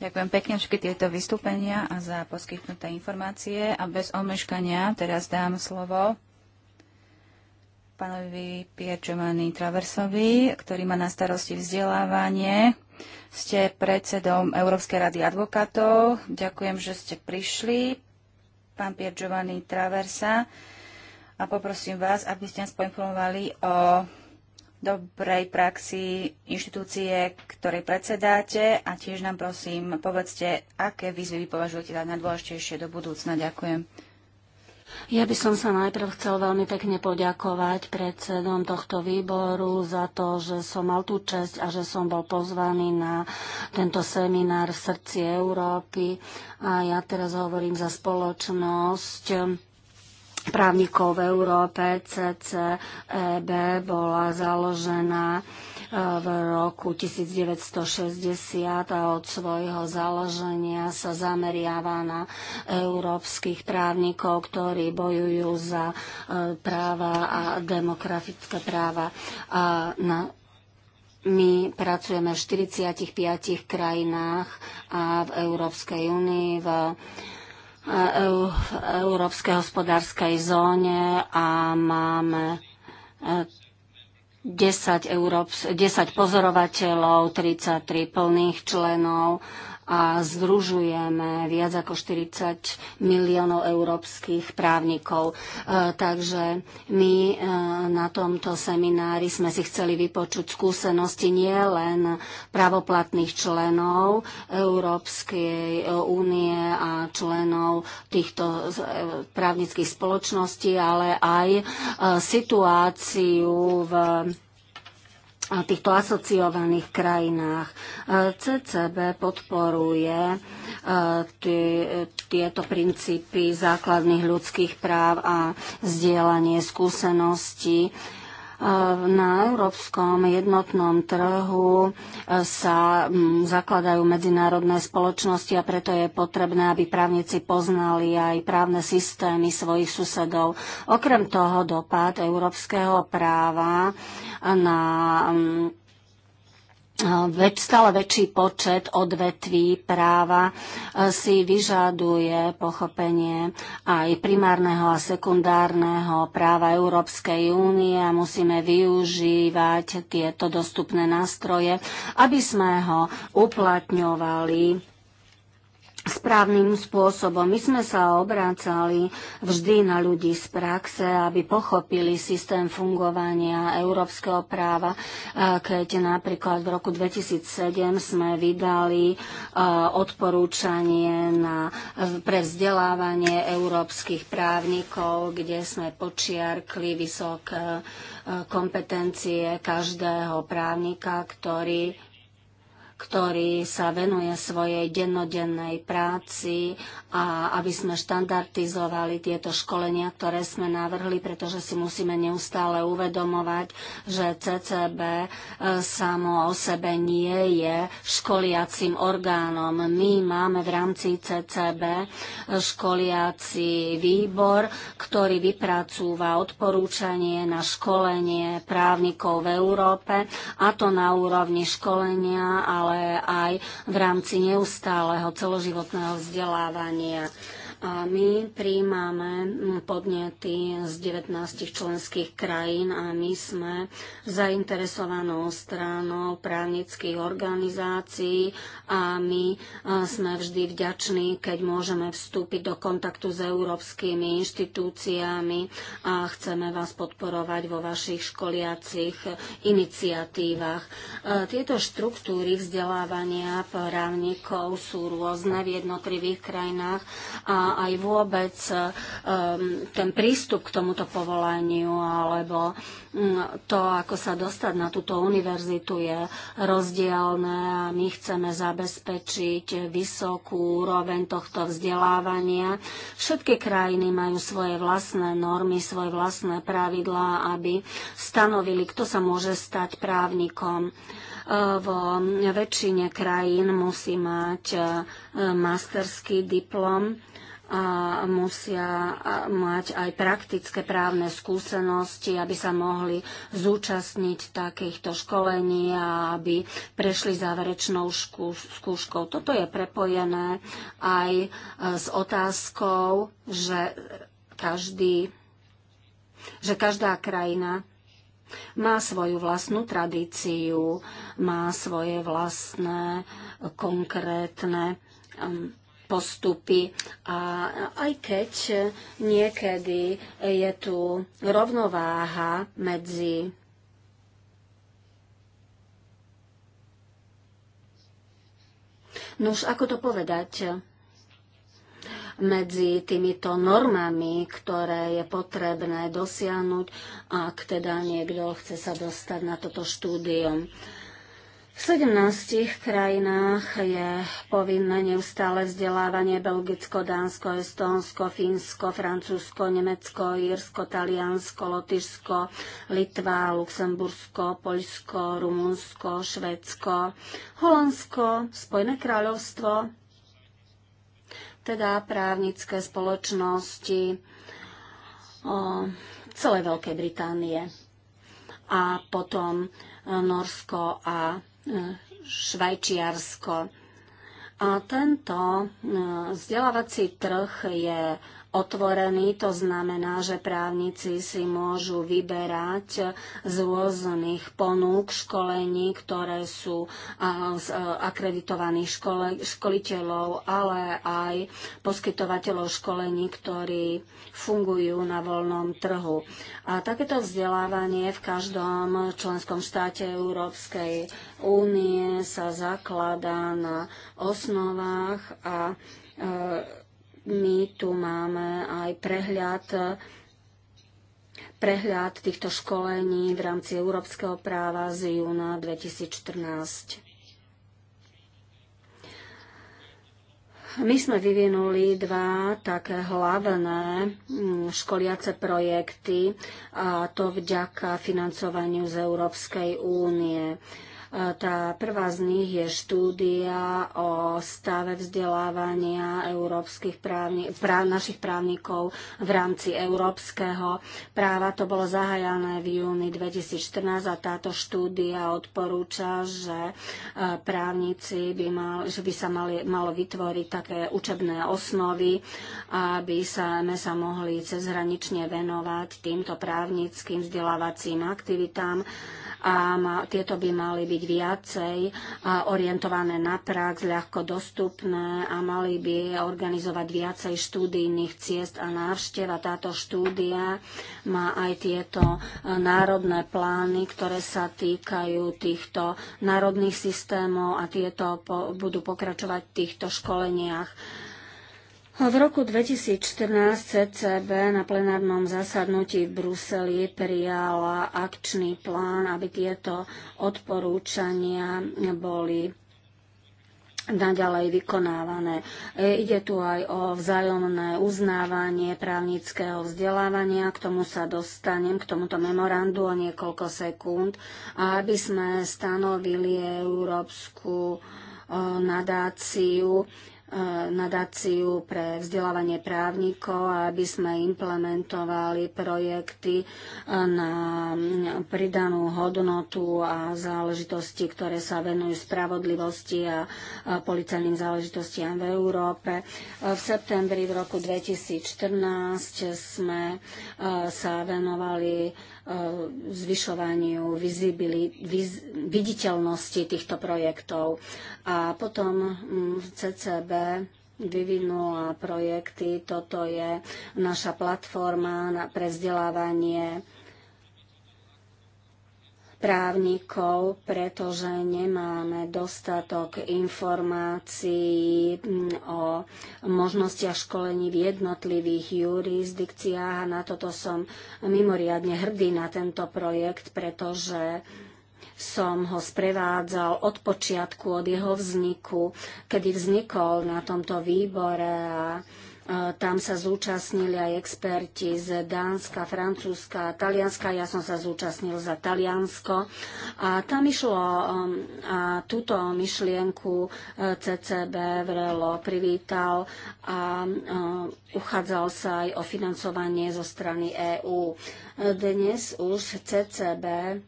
Speaker 3: Ďakujem pekne všetky tieto vystúpenia a za poskytnuté informácie. A bez omeškania teraz dám slovo pánovi Pierre Giovanni Traversovi, ktorý má na starosti vzdelávanie. Ste predsedom Európskej rady advokátov. Ďakujem, že ste prišli. Pán Pierre Giovanni Traversa a poprosím vás, aby ste nás poinformovali o dobrej praxi inštitúcie, ktorej predsedáte a tiež nám prosím povedzte, aké výzvy vy považujete za najdôležitejšie do budúcna. Ďakujem. Ja by som sa najprv chcel veľmi pekne poďakovať
Speaker 2: predsedom tohto výboru za to, že som mal tú čest a že som bol pozvaný na tento seminár v srdci Európy. A ja teraz hovorím za spoločnosť právnikov v Európe. CCEB bola založená e, v roku 1960 a od svojho založenia sa zameriava na európskych právnikov, ktorí bojujú za e, práva a demokratické práva a na my pracujeme v 45 krajinách a v Európskej únii v v e, Európskej hospodárskej zóne a máme 10, e, Európs- 10 pozorovateľov, 33 plných členov a združujeme viac ako 40 miliónov európskych právnikov. E, takže my e, na tomto seminári sme si chceli vypočuť skúsenosti nie len pravoplatných členov Európskej únie a členov týchto e, právnických spoločností, ale aj situáciu v týchto asociovaných krajinách. E, CCB podporuje e, tieto princípy základných ľudských práv a vzdielanie skúseností na európskom jednotnom trhu e, sa mm, zakladajú medzinárodné spoločnosti a preto je potrebné, aby právnici poznali aj právne systémy svojich susedov. Okrem toho dopad európskeho práva na mm, Eh, stále väčší počet odvetví práva eh, si vyžaduje pochopenie aj primárneho a sekundárneho práva Európskej únie a musíme využívať tieto dostupné nástroje, aby sme ho uplatňovali správnym spôsobom. My sme sa obrácali vždy na ľudí z praxe, aby pochopili systém fungovania európskeho práva, keď napríklad v roku 2007 sme vydali e, odporúčanie na, pre vzdelávanie európskych právnikov, kde sme počiarkli vysoké e, kompetencie každého právnika, ktorý ktorý sa venuje svojej dennodennej práci a aby sme štandardizovali tieto školenia, ktoré sme navrhli, pretože si musíme neustále uvedomovať, že CCB e, samo o sebe nie je školiacim orgánom. My máme v rámci CCB e, školiaci výbor, ktorý vypracúva odporúčanie na školenie právnikov v Európe, a to na úrovni školenia, ale ale aj v rámci neustáleho celoživotného vzdelávania. A my príjmame mm, podnety z 19 členských krajín a my sme zainteresovanou stranou právnických organizácií a my e, sme vždy vďační, keď môžeme vstúpiť do kontaktu s európskymi inštitúciami a chceme vás podporovať vo vašich školiacich iniciatívach. E, tieto štruktúry vzdelávania právnikov sú rôzne v jednotlivých krajinách a aj vôbec eh, ten prístup k tomuto povolaniu alebo mm, to, ako sa dostať na túto univerzitu je rozdielne a my chceme zabezpečiť vysokú úroveň tohto vzdelávania. Všetky krajiny majú svoje vlastné normy, svoje vlastné pravidlá, aby stanovili, kto sa môže stať právnikom eh, vo väčšine krajín musí mať eh, masterský diplom a musia mať aj praktické právne skúsenosti, aby sa mohli zúčastniť takýchto školení a aby prešli záverečnou skúškou. Toto je prepojené aj e, s otázkou, že, každý, že každá krajina má svoju vlastnú tradíciu, má svoje vlastné konkrétne postupy. A aj keď niekedy je tu rovnováha medzi Nuž, ako to povedať? medzi týmito normami, ktoré je potrebné dosiahnuť, ak teda niekto chce sa dostať na toto štúdium. V 17 krajinách je povinné neustále vzdelávanie Belgicko, Dánsko, Estónsko, Fínsko, Francúzsko, Nemecko, Írsko, Taliansko, Lotyšsko, Litva, Luxembursko, Poľsko, Rumunsko, Švédsko, Holandsko, Spojené kráľovstvo, teda právnické spoločnosti o, celé Veľkej Británie a potom eh, Norsko a Švajčiarsko. A tento e, vzdelávací trh je otvorený. To znamená, že právnici si môžu vyberať z rôznych ponúk školení, ktoré sú z e, akreditovaných škole, školiteľov, ale aj poskytovateľov školení, ktorí fungujú na voľnom trhu. A takéto vzdelávanie v každom členskom štáte Európskej únie sa zakladá na osnovách a e, my tu máme aj prehľad prehľad týchto školení v rámci európskeho práva z júna 2014. My sme vyvinuli dva také hlavné mm, školiace projekty a to vďaka financovaniu z Európskej únie. Tá prvá z nich je štúdia o stave vzdelávania európskych právni, práv, našich právnikov v rámci európskeho práva. To bolo zahajané v júni 2014 a táto štúdia odporúča, že e, právnici by, mal, že by sa mali, malo vytvoriť také učebné osnovy, aby sa, sme sa mohli cezhranične venovať týmto právnickým vzdelávacím aktivitám a tieto by mali byť viacej orientované na prax, ľahko dostupné a mali by organizovať viacej štúdijných ciest a návštev a táto štúdia má aj tieto národné plány, ktoré sa týkajú týchto národných systémov a tieto budú pokračovať v týchto školeniach v roku 2014 CCB na plenárnom zasadnutí v Bruseli prijala akčný plán, aby tieto odporúčania boli naďalej vykonávané. E, ide tu aj o vzájomné uznávanie právnického vzdelávania, k tomu sa dostanem, k tomuto memorandu o niekoľko sekúnd, aby sme stanovili európsku e, nadáciu Eh, nadáciu pre vzdelávanie právnikov, aby sme implementovali projekty eh, na pridanú hodnotu a záležitosti, ktoré sa venujú spravodlivosti a policajným záležitostiam v Európe. Eh, v septembri v roku 2014 sme sa venovali Eh, zvyšovaniu viz, viditeľnosti týchto projektov. A potom mm, CCB vyvinula projekty. Toto je naša platforma pre vzdelávanie právnikov, pretože nemáme dostatok informácií mm, o možnostiach školení v jednotlivých jurisdikciách a na toto som mimoriadne hrdý na tento projekt, pretože som ho sprevádzal od počiatku, od jeho vzniku, kedy vznikol na tomto výbore a tam sa zúčastnili aj experti z Dánska, Francúzska, Talianska. Ja som sa zúčastnil za Taliansko. A tam išlo, um, a túto myšlienku uh, CCB vrelo privítal a uh, uchádzal sa aj o financovanie zo strany EÚ. Dnes už CCB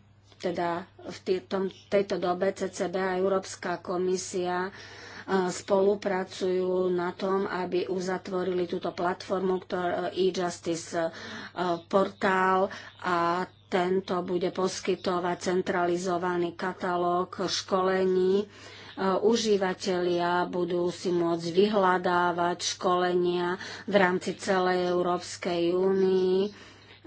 Speaker 2: teda v tejto dobe CCB a Európska komisia E, spolupracujú na tom, aby uzatvorili túto platformu, e, e-justice e, portál a tento bude poskytovať centralizovaný katalóg školení užívateľia budú si môcť vyhľadávať školenia v rámci celej Európskej únii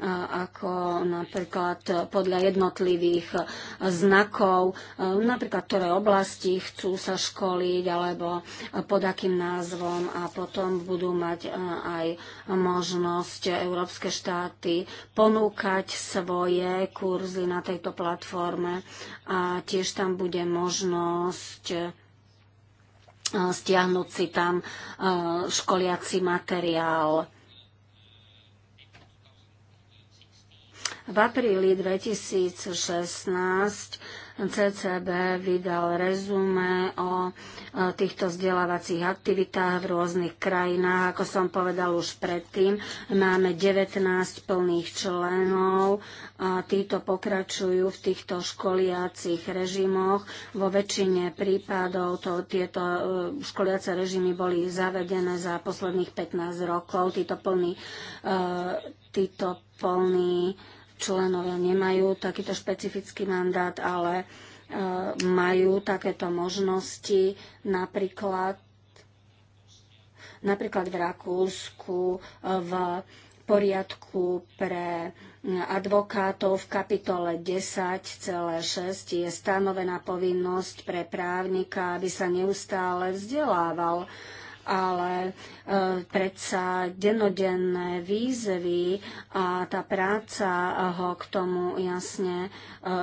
Speaker 2: ako napríklad podľa jednotlivých znakov, e, napríklad ktoré oblasti chcú sa školiť alebo pod akým názvom a potom budú mať e, aj možnosť európske štáty ponúkať svoje kurzy na tejto platforme a tiež tam bude možnosť e, stiahnuť si tam školiaci materiál V apríli 2016 CCB vydal rezume o týchto vzdelávacích aktivitách v rôznych krajinách. Ako som povedal už predtým, máme 19 plných členov a títo pokračujú v týchto školiacich režimoch. Vo väčšine prípadov to, tieto e, školiace režimy boli zavedené za posledných 15 rokov. Títo plní, e, títo plní členovia nemajú takýto špecifický mandát, ale e, majú takéto možnosti, napríklad, napríklad v Rakúsku, e, v poriadku pre advokátov v kapitole 10,6 je stanovená povinnosť pre právnika, aby sa neustále vzdelával ale e, predsa dennodenné výzvy a tá práca ho k tomu jasne e,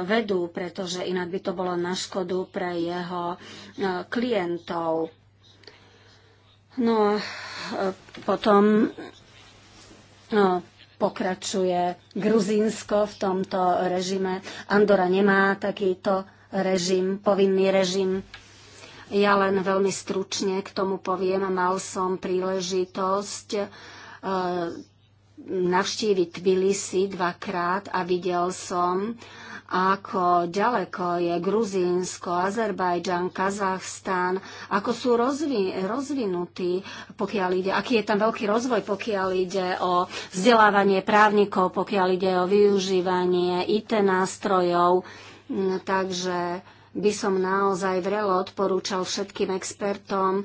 Speaker 2: vedú, pretože inak by to bolo na škodu pre jeho e, klientov. No a e, potom no, pokračuje Gruzínsko v tomto režime. Andora nemá takýto režim, povinný režim ja len veľmi stručne k tomu poviem, mal som príležitosť e, navštíviť Tbilisi dvakrát a videl som, ako ďaleko je Gruzínsko, Azerbajdžan, Kazachstan, ako sú rozvi- rozvinutí, pokiaľ ide, aký je tam veľký rozvoj, pokiaľ ide o vzdelávanie právnikov, pokiaľ ide o využívanie IT nástrojov. Mm, takže by som naozaj vrelo odporúčal všetkým expertom e,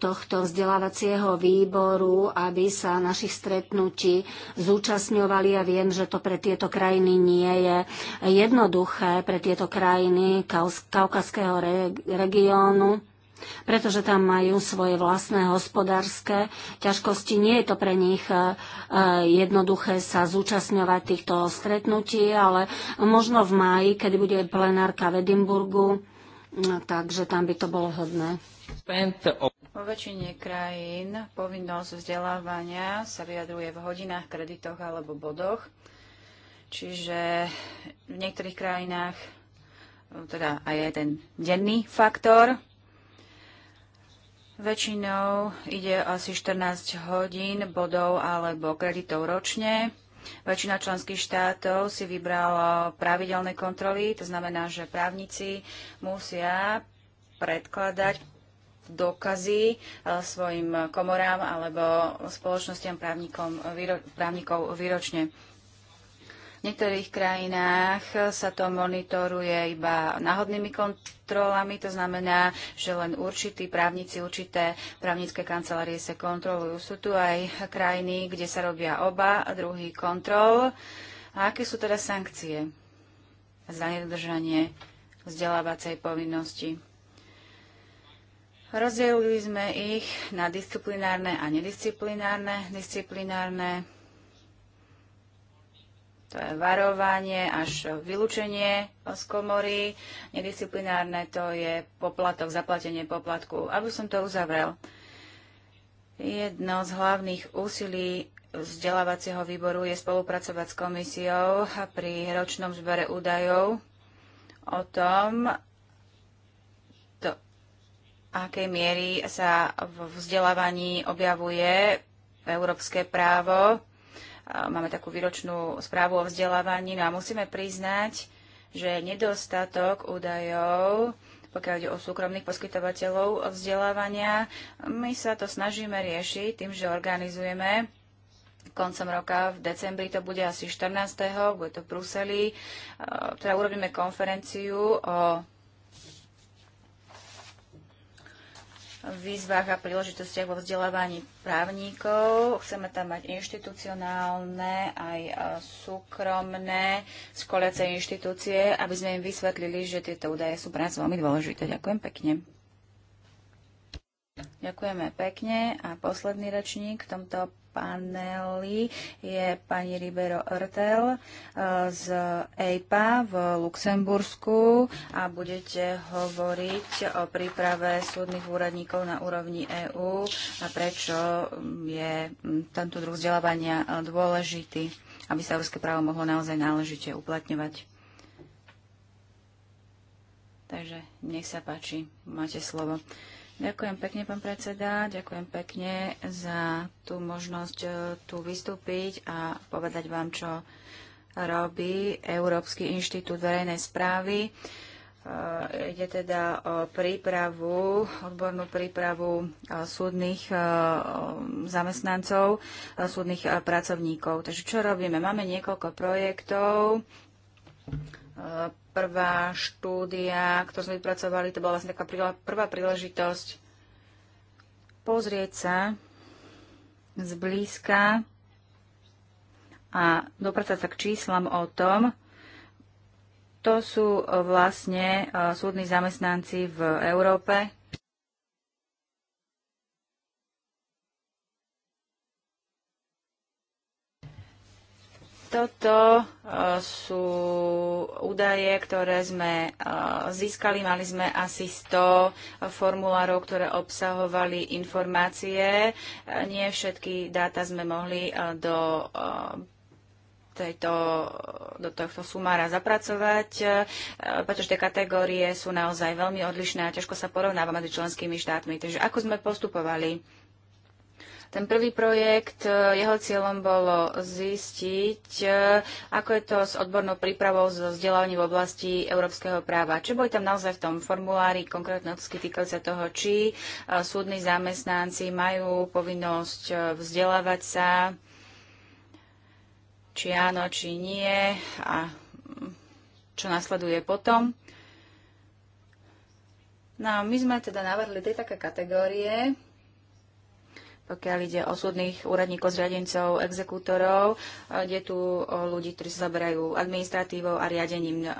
Speaker 2: tohto vzdelávacieho výboru, aby sa našich stretnutí zúčastňovali. Ja viem, že to pre tieto krajiny nie je jednoduché, pre tieto krajiny Kaukaského regiónu pretože tam majú svoje vlastné hospodárske ťažkosti. Nie je to pre nich e, e, jednoduché sa zúčastňovať týchto stretnutí, ale možno v máji, kedy bude plenárka v Edimburgu, takže tam by to bolo hodné.
Speaker 3: Vo väčšine krajín povinnosť vzdelávania sa vyjadruje v hodinách, kreditoch alebo bodoch. Čiže v niektorých krajinách no, teda aj je ten denný faktor, Väčšinou ide asi 14 hodín bodov alebo kreditov ročne. Väčšina členských štátov si vybrala pravidelné kontroly, to znamená, že právnici musia predkladať dokazy eh, svojim komorám alebo spoločnostiam právnikov výročne. V niektorých krajinách sa to monitoruje iba náhodnými kontrolami, to znamená, že len určití právnici, určité právnické kancelárie sa kontrolujú. Sú tu aj krajiny, kde sa robia oba druhý kontrol. A aké sú teda sankcie za nedržanie vzdelávacej povinnosti? Rozdelili sme ich na disciplinárne a nedisciplinárne. Disciplinárne to je varovanie až vylúčenie z komory. Nedisciplinárne to je poplatok, zaplatenie poplatku. Aby som to uzavrel, jedno z hlavných úsilí vzdelávacieho výboru je spolupracovať s komisiou pri ročnom zbere údajov o tom, to, akej miery sa v vzdelávaní objavuje európske právo Máme takú výročnú správu o vzdelávaní. No a musíme priznať, že nedostatok údajov pokiaľ ide o súkromných poskytovateľov vzdelávania. My sa to snažíme riešiť tým, že organizujeme koncom roka, v decembri to bude asi 14. bude to v Bruseli, teda urobíme konferenciu o výzvach a príležitostiach vo vzdelávaní právníkov. Chceme tam mať inštitucionálne aj e, súkromné školiace inštitúcie, aby sme im vysvetlili, že tieto údaje sú pre nás veľmi dôležité. Ďakujem pekne. Ďakujeme pekne a posledný rečník v tomto paneli je pani Ribero Ertel eh, z EIPA v Luxembursku a budete hovoriť o príprave súdnych úradníkov na úrovni EÚ a prečo je mm, tento druh vzdelávania eh, dôležitý, aby sa európske právo mohlo naozaj náležite uplatňovať. Takže nech sa páči, máte slovo. Ďakujem pekne, pán predseda. Ďakujem pekne za tú možnosť e, tu vystúpiť a povedať vám, čo robí Európsky inštitút verejnej správy. E, ide teda o prípravu, odbornú prípravu e, súdnych zamestnancov, súdnych pracovníkov. Takže čo robíme? Máme niekoľko projektov prvá štúdia, ktorú sme vypracovali, to bola vlastne taká prvá príležitosť pozrieť sa zblízka a dopracať sa k číslam o tom, to sú e, vlastne e, súdni zamestnanci v Európe, Toto e, sú údaje, ktoré sme e, získali. Mali sme asi 100 e, formulárov, ktoré obsahovali informácie. Nie všetky dáta sme mohli do tejto, do tohto sumára zapracovať, pretože tie kategórie sú naozaj veľmi odlišné a ťažko sa porovnáva medzi členskými štátmi. Takže ako sme postupovali? Ten prvý projekt, e, jeho cieľom bolo zistiť, e, ako je to s odbornou prípravou zo vzdelávaní v oblasti európskeho práva. Čo boli tam naozaj v tom formulári konkrétne otázky sa toho, či e, súdni zamestnanci majú povinnosť vzdelávať sa, či áno, či nie a mm, čo nasleduje potom. No, my sme teda navrhli tej také kategórie, pokiaľ ide o súdnych úradníkov, zriadencov, exekútorov. Ide tu o ľudí, ktorí sa zaberajú administratívou a riadením e,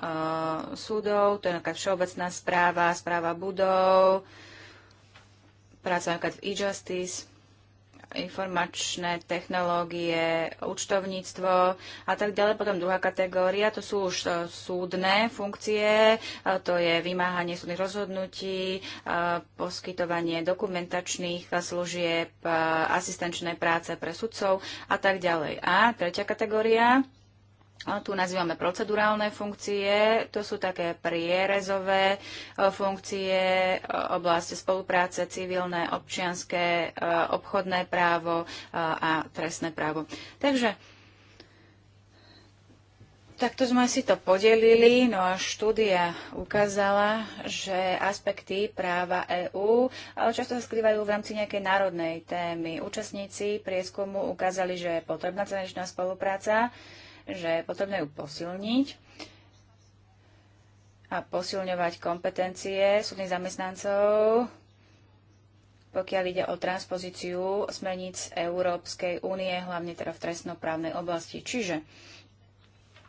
Speaker 3: súdov. To je napríklad všeobecná správa, správa budov, práca napríklad v e-justice informačné technológie, účtovníctvo a tak ďalej. Potom druhá kategória, to sú už e, súdne funkcie, e, to je vymáhanie súdnych rozhodnutí, e, poskytovanie dokumentačných služieb, asistenčné práce pre sudcov a tak ďalej. A tretia kategória, tu nazývame procedurálne funkcie, to sú také prierezové e, funkcie, e, oblasti spolupráce, civilné, občianské, e, obchodné právo a trestné právo. Takže Takto sme si to podelili, no a štúdia ukázala, že aspekty práva EÚ často sa skrývajú v rámci nejakej národnej témy. Účastníci prieskumu ukázali, že je potrebná cenečná spolupráca, že je potrebné ju posilniť a posilňovať kompetencie súdnych zamestnancov, pokiaľ ide o transpozíciu smerníc Európskej únie, hlavne teda v trestnoprávnej oblasti. Čiže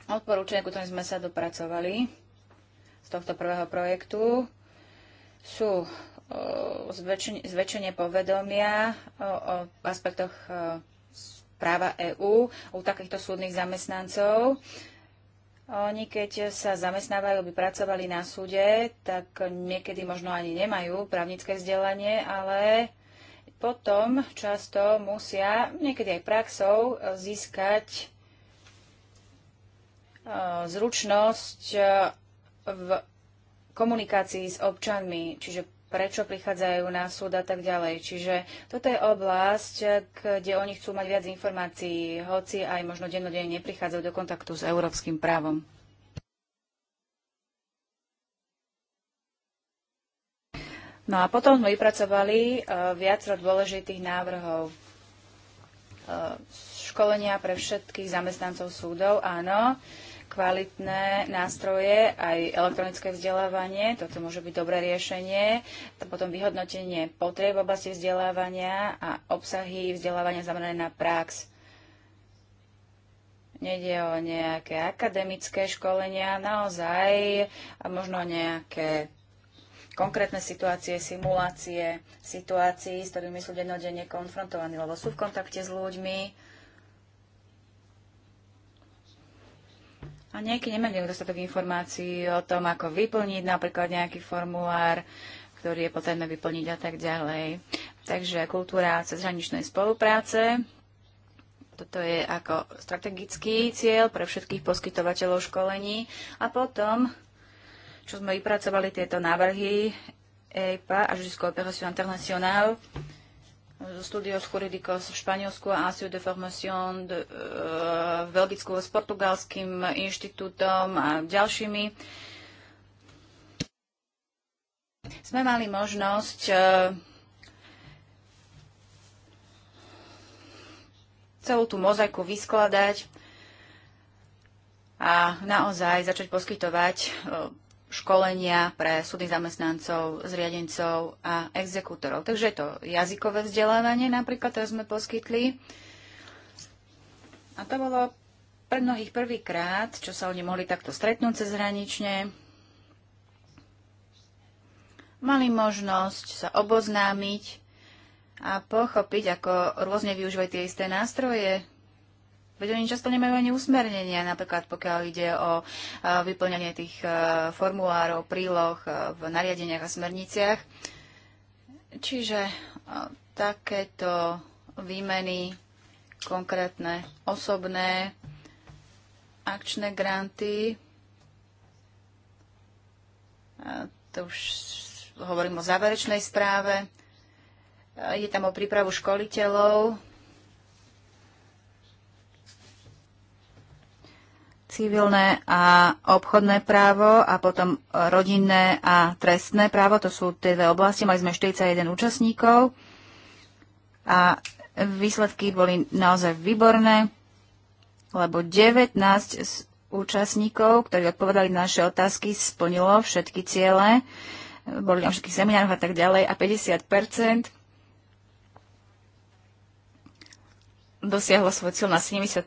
Speaker 3: odporúčania, ku ktorým sme sa dopracovali z tohto prvého projektu, sú e, zväčšenie povedomia o, o aspektoch e, práva EÚ u takýchto súdnych zamestnancov. Oni, keď sa zamestnávajú, aby pracovali na súde, tak niekedy možno ani nemajú právnické vzdelanie, ale potom často musia, niekedy aj praxou, získať e, zručnosť e, v komunikácii s občanmi, čiže prečo prichádzajú na súd a tak ďalej. Čiže toto je oblasť, kde oni chcú mať viac informácií, hoci aj možno dennodenne neprichádzajú do kontaktu s európskym právom. No a potom sme vypracovali e, viacero dôležitých návrhov. E, školenia pre všetkých zamestnancov súdov, áno kvalitné nástroje, aj elektronické vzdelávanie, toto môže byť dobré riešenie, potom vyhodnotenie potrieb v oblasti vzdelávania a obsahy vzdelávania zamerané na prax. Nede o nejaké akademické školenia, naozaj a možno nejaké konkrétne situácie, simulácie, situácií, s ktorými sú dennodenne konfrontovaní, lebo sú v kontakte s ľuďmi, a nejaký nemajú dostatok informácií o tom, ako vyplniť napríklad nejaký formulár, ktorý je potrebné vyplniť a tak ďalej. Takže kultúra cezhraničnej spolupráce. Toto je ako strategický cieľ pre všetkých poskytovateľov školení. A potom, čo sme vypracovali tieto návrhy EIPA a Jusqu'au Opération Studios Juridicos v Španielsku a Asiu de Formation de, e, v Belgicku s Portugalským inštitútom a ďalšími. Sme mali možnosť e, celú tú mozaiku vyskladať a naozaj začať poskytovať e, školenia pre súdnych zamestnancov, zriadencov a exekútorov. Takže je to jazykové vzdelávanie napríklad, ktoré sme poskytli. A to bolo pre mnohých prvýkrát, čo sa oni mohli takto stretnúť hranične. Mali možnosť sa oboznámiť a pochopiť, ako rôzne využívajú tie isté nástroje, Veď oni často nemajú ani usmernenia, napríklad pokiaľ ide o vyplňanie tých formulárov, príloh v nariadeniach a smerniciach. Čiže takéto výmeny konkrétne osobné akčné granty. to už hovorím o záverečnej správe. Je tam o prípravu školiteľov. civilné a obchodné právo a potom rodinné a trestné právo. To sú tie dve oblasti. Mali sme 41 účastníkov a výsledky boli naozaj výborné, lebo 19 z účastníkov, ktorí odpovedali na naše otázky, splnilo všetky ciele. Boli na všetkých seminároch a tak ďalej a 50 dosiahlo svoj cieľ na 75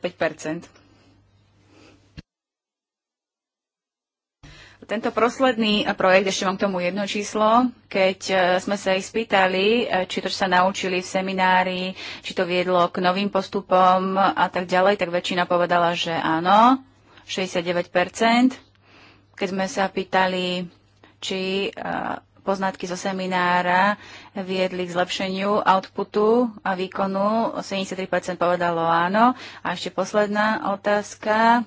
Speaker 3: Tento posledný projekt, ešte mám k tomu jedno číslo, keď e, sme sa ich spýtali, e, či to, sa naučili v seminári, či to viedlo k novým postupom a tak ďalej, tak väčšina povedala, že áno, 69%. Keď sme sa pýtali, či e, poznatky zo seminára viedli k zlepšeniu outputu a výkonu, 73% povedalo áno. A ešte posledná otázka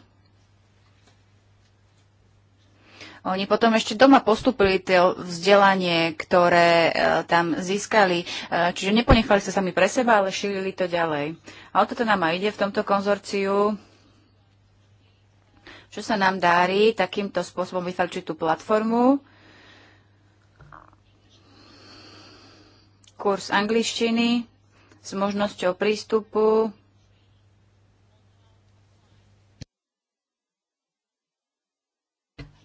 Speaker 3: Oni potom ešte doma postupili to vzdelanie, ktoré e, tam získali, e, čiže neponechali sa sami pre seba, ale šírili to ďalej. A o toto nám aj ide v tomto konzorciu. Čo sa nám darí takýmto spôsobom vyfalčiť tú platformu, Kurs angličtiny s možnosťou prístupu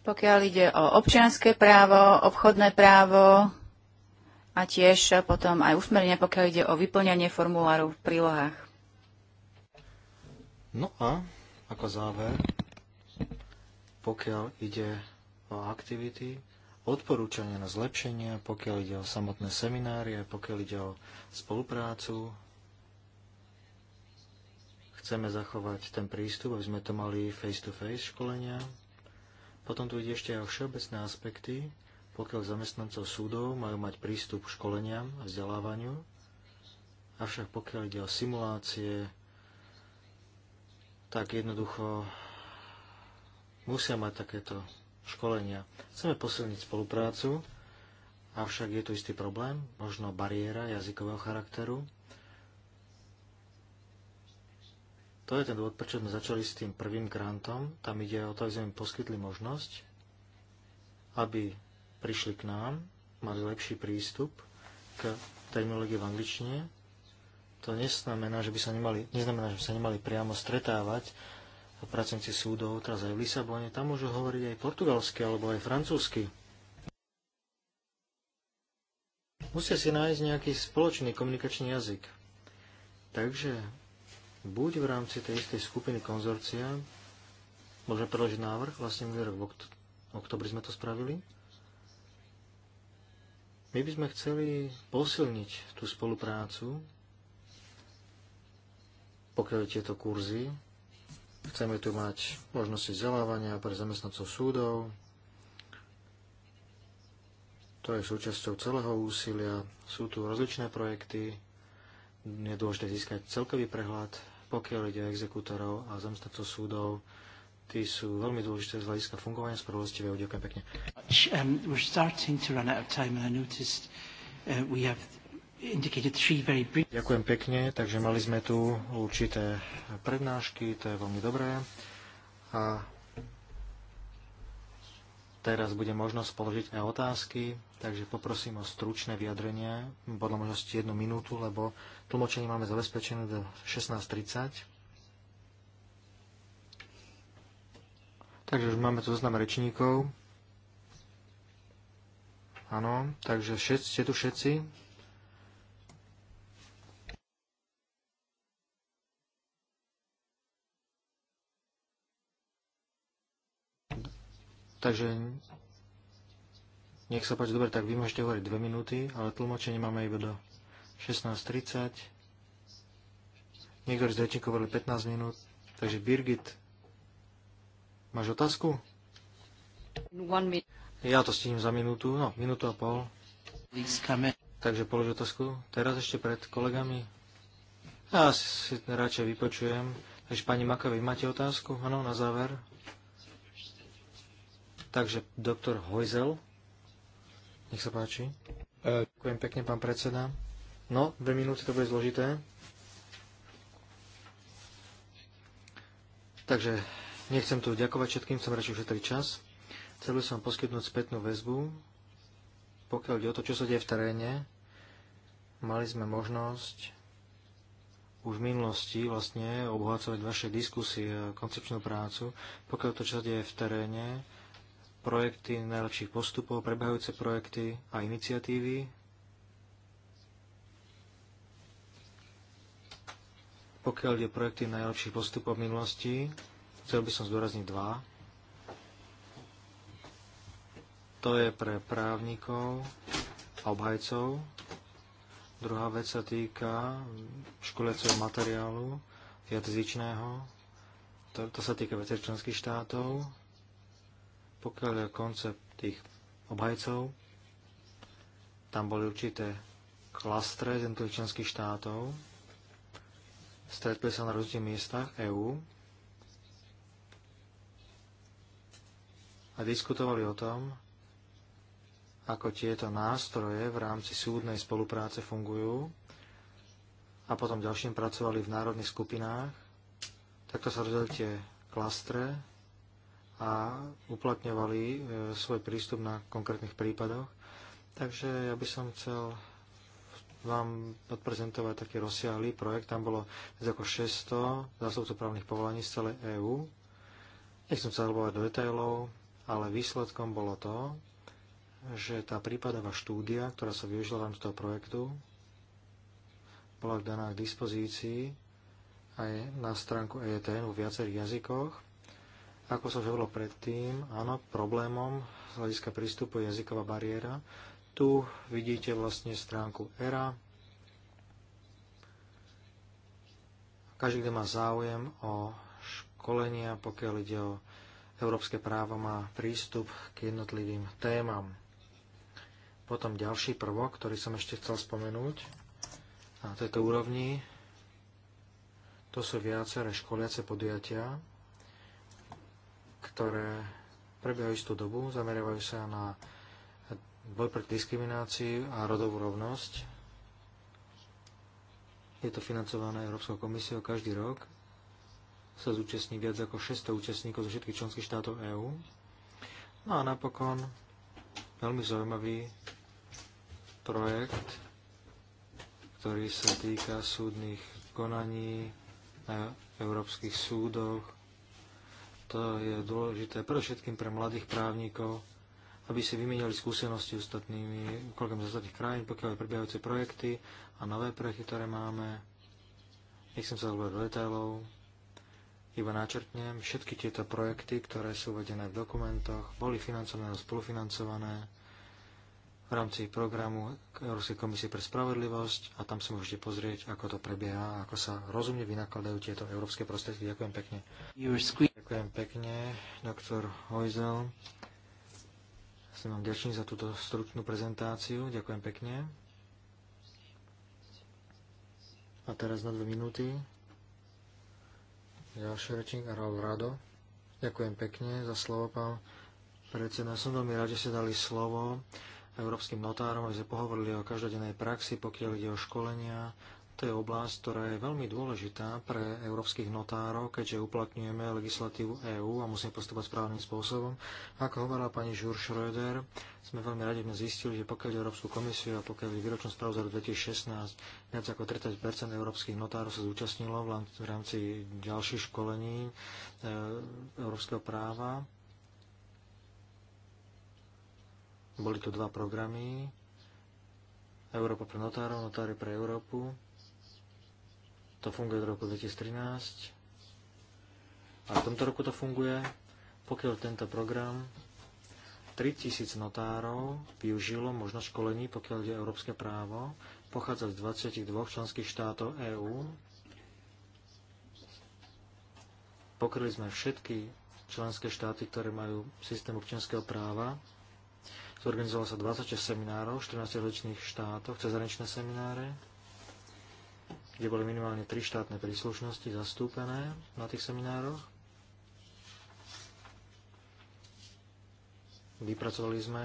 Speaker 3: pokiaľ ide o občianské právo, obchodné právo a tiež potom aj usmerenia, pokiaľ ide o vyplňanie formulárov v prílohách.
Speaker 1: No a ako záver, pokiaľ ide o aktivity, odporúčania na zlepšenie, pokiaľ ide o samotné seminárie, pokiaľ ide o spoluprácu. Chceme zachovať ten prístup, aby sme to mali face-to-face -face školenia. Potom tu ide ešte aj o všeobecné aspekty, pokiaľ zamestnancov súdov majú mať prístup k školeniam a vzdelávaniu, avšak pokiaľ ide o simulácie, tak jednoducho musia mať takéto školenia. Chceme posilniť spoluprácu, avšak je tu istý problém, možno bariéra jazykového charakteru, To je ten dôvod, prečo sme začali s tým prvým grantom. Tam ide o to, aby sme im poskytli možnosť, aby prišli k nám, mali lepší prístup k terminológii v angličtine. To neznamená, že by sa nemali, neznamená, že by sa nemali priamo stretávať pracovníci súdov, teraz aj v Lisabone, tam môžu hovoriť aj portugalsky alebo aj francúzsky. Musia si nájsť nejaký spoločný komunikačný jazyk. Takže buď v rámci tej istej skupiny konzorcia, môžeme predložiť návrh, vlastne minulý rok v oktobri sme to spravili, my by sme chceli posilniť tú spoluprácu, pokiaľ tieto kurzy. Chceme tu mať možnosti vzdelávania pre zamestnancov súdov. To je súčasťou celého úsilia. Sú tu rozličné projekty. Je dôležité získať celkový prehľad pokiaľ ide o exekútorov a zamestnancov súdov, tí sú veľmi dôležité z hľadiska fungovania spravodlivosti. Ďakujem pekne. Um, uh, Ďakujem pekne, takže mali sme tu určité prednášky, to je veľmi dobré. A teraz bude možnosť položiť aj otázky takže poprosím o stručné vyjadrenie, podľa možnosti jednu minútu, lebo tlmočenie máme zabezpečené do 16.30. Takže už máme tu zoznam rečníkov. Áno, takže všetci, ste tu všetci. Takže nech sa páči, dobre, tak vy môžete hovoriť dve minúty, ale tlmočenie máme iba do 16.30. Niektorí z rečníkov hovorili 15 minút. Takže Birgit, máš otázku? Ja to stihnem za minútu, no, minútu a pol. Takže polož otázku. Teraz ešte pred kolegami. Ja si radšej vypočujem. Takže pani vy máte otázku? Áno, na záver. Takže doktor Hojzel. Nech sa páči. E, Ďakujem pekne, pán predseda. No, dve minúty to bude zložité. Takže nechcem tu ďakovať všetkým, som radšej ušetriť čas. Chcel by som poskytnúť spätnú väzbu, pokiaľ ide o to, čo sa deje v teréne. Mali sme možnosť už v minulosti vlastne obohacovať vaše diskusie a koncepčnú prácu, pokiaľ to, čo sa deje v teréne, projekty najlepších postupov, prebehajúce projekty a iniciatívy. Pokiaľ ide projekty najlepších postupov v minulosti, chcel by som zdôrazniť dva. To je pre právnikov a obhajcov. Druhá vec sa týka školiaceho materiálu jazyčného. To, to sa týka veci členských štátov pokiaľ je koncept tých obhajcov, tam boli určité klastre z členských štátov, stretli sa na rôznych miestach EÚ a diskutovali o tom, ako tieto nástroje v rámci súdnej spolupráce fungujú a potom ďalším pracovali v národných skupinách. Takto sa rozdelili tie klastre a uplatňovali e, svoj prístup na konkrétnych prípadoch. Takže ja by som chcel vám odprezentovať taký rozsiahlý projekt. Tam bolo viac ako 600 zásobcov právnych povolaní z celej EÚ. Nechcem sa zalbovať do detailov, ale výsledkom bolo to, že tá prípadová štúdia, ktorá sa využila v rámci toho projektu, bola daná k dispozícii aj na stránku EETN vo viacerých jazykoch ako som už hovoril predtým, áno, problémom z hľadiska prístupu je jazyková bariéra. Tu vidíte vlastne stránku ERA. Každý, kto má záujem o školenia, pokiaľ ide o európske právo, má prístup k jednotlivým témam. Potom ďalší prvok, ktorý som ešte chcel spomenúť na tejto úrovni, to sú viaceré školiace podujatia, ktoré prebiehajú istú dobu, zameriavajú sa na boj proti diskriminácii a rodovú rovnosť. Je to financované Európskou komisiou každý rok. Sa zúčastní viac ako 600 účastníkov zo všetkých členských štátov EÚ. No a napokon veľmi zaujímavý projekt, ktorý sa týka súdnych konaní na európskych súdoch to je dôležité pre všetkým pre mladých právnikov, aby si vymenili skúsenosti ostatnými, kolegami z ostatných krajín, pokiaľ aj prebiehajúce projekty a nové projekty, ktoré máme. Nechcem sa hovoriť do detailov, iba načrtnem, všetky tieto projekty, ktoré sú uvedené v dokumentoch, boli financované a spolufinancované v rámci programu Európskej komisie pre spravodlivosť a tam si môžete pozrieť, ako to prebieha, ako sa rozumne vynakladajú tieto európske prostriedky. Ďakujem pekne. Ďakujem pekne, doktor Hojzel. Som vám ďačný za túto stručnú prezentáciu. Ďakujem pekne. A teraz na dve minúty ďalší rečník, Raul Rado. Ďakujem pekne za slovo, pán predseda. Som veľmi rád, že ste dali slovo európskym notárom, aby sme pohovorili o každodennej praxi, pokiaľ ide o školenia. To je oblasť, ktorá je veľmi dôležitá pre európskych notárov, keďže uplatňujeme legislatívu EÚ a musíme postupovať správnym spôsobom. Ako hovorila pani Žur Schröder, sme veľmi radi sme zistili, že pokiaľ Európsku komisiu a pokiaľ výročnú správu za 2016 viac ako 30 európskych notárov sa zúčastnilo v rámci ďalších školení e, európskeho práva Boli tu dva programy. Európa pre notárov, notári pre Európu. To funguje od roku 2013. A v tomto roku to funguje. Pokiaľ tento program 3000 notárov využilo možnosť školení, pokiaľ ide európske právo, pochádza z 22 členských štátov EÚ. Pokryli sme všetky členské štáty, ktoré majú systém občianského práva. Zorganizovalo sa 26 seminárov v 14 rozličných štátoch, cezhraničné semináre, kde boli minimálne tri štátne príslušnosti zastúpené na tých seminároch. Vypracovali sme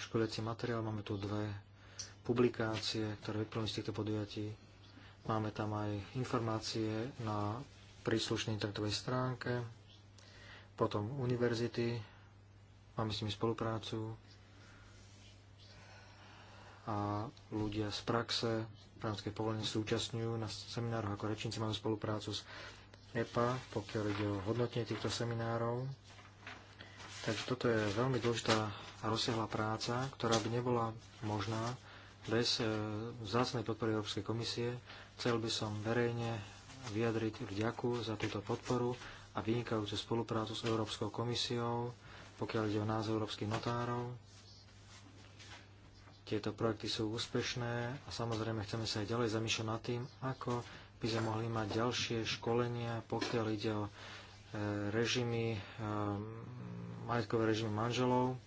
Speaker 1: školiaci materiál, máme tu dve publikácie, ktoré vyplnili z týchto podujatí. Máme tam aj informácie na príslušnej internetovej stránke, potom univerzity, máme s nimi spoluprácu, a ľudia z praxe právnické povolenie súčasňujú na seminároch ako rečníci, máme spoluprácu s EPA, pokiaľ ide o hodnotenie týchto seminárov. Takže toto je veľmi dôležitá a rozsiahla práca, ktorá by nebola možná bez e, vzácnej podpory Európskej komisie. Chcel by som verejne vyjadriť vďaku za túto podporu a vynikajúcu spoluprácu s Európskou komisiou, pokiaľ ide o nás európskych notárov tieto projekty sú úspešné a samozrejme chceme sa aj ďalej zamýšľať nad tým, ako by sme mohli mať ďalšie školenia, pokiaľ ide o e, režimy, e, majetkové režimy manželov.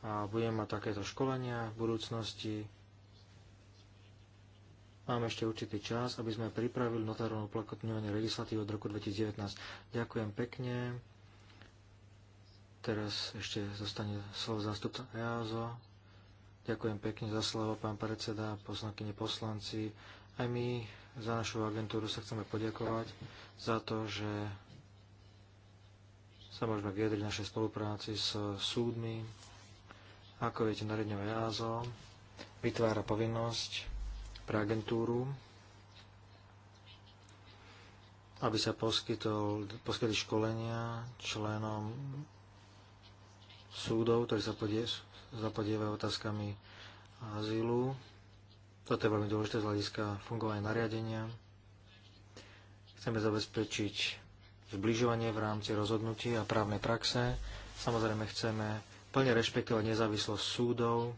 Speaker 1: A budeme mať takéto školenia v budúcnosti. Máme ešte určitý čas, aby sme pripravili notárne uplatňovanie legislatívy od roku 2019. Ďakujem pekne. Teraz ešte zostane slovo zástupca EASO, Ďakujem pekne za slovo, pán predseda, poslankyne, poslanci. Aj my za našu agentúru sa chceme poďakovať za to, že sa môžeme viedriť našej spolupráci s súdmi. Ako viete, nariadenie EASO vytvára povinnosť pre agentúru, aby sa poskytol, poskytli školenia členom súdov, ktorí sa podiesú zapadieva otázkami azylu. Toto je veľmi dôležité z hľadiska fungovania nariadenia. Chceme zabezpečiť zbližovanie v rámci rozhodnutí a právnej praxe. Samozrejme chceme plne rešpektovať nezávislosť súdov.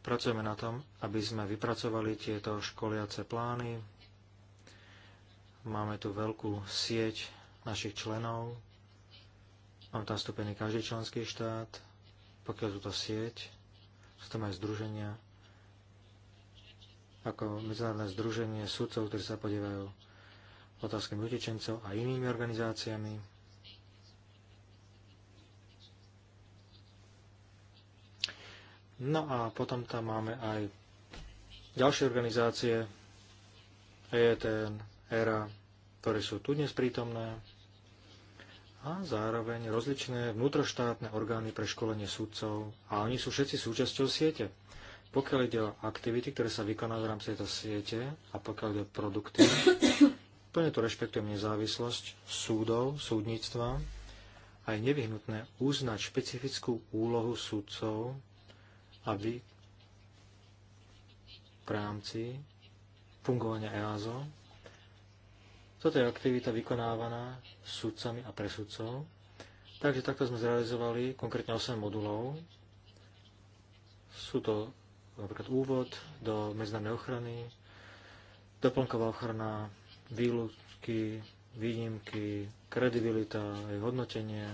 Speaker 1: Pracujeme na tom, aby sme vypracovali tieto školiace plány. Máme tu veľkú sieť našich členov, Mám tam vstúpený každý členský štát, pokiaľ sú to sieť, sú tam aj združenia, ako medzinárodné združenie sudcov, ktorí sa podievajú otázkami utečencov a inými organizáciami. No a potom tam máme aj ďalšie organizácie, EETN, ERA, ktoré sú tu dnes prítomné a zároveň rozličné vnútroštátne orgány pre školenie sudcov a oni sú všetci súčasťou siete. Pokiaľ ide o aktivity, ktoré sa vykonajú v rámci tejto siete a pokiaľ ide o produkty, plne tu rešpektujem nezávislosť súdov, súdnictva a je nevyhnutné uznať špecifickú úlohu súdcov, aby v rámci fungovania EASO toto je aktivita vykonávaná sudcami a presudcov. Takže takto sme zrealizovali konkrétne 8 modulov. Sú to napríklad úvod do medzinárodnej ochrany, doplnková ochrana, výlučky, výnimky, kredibilita, jej hodnotenie,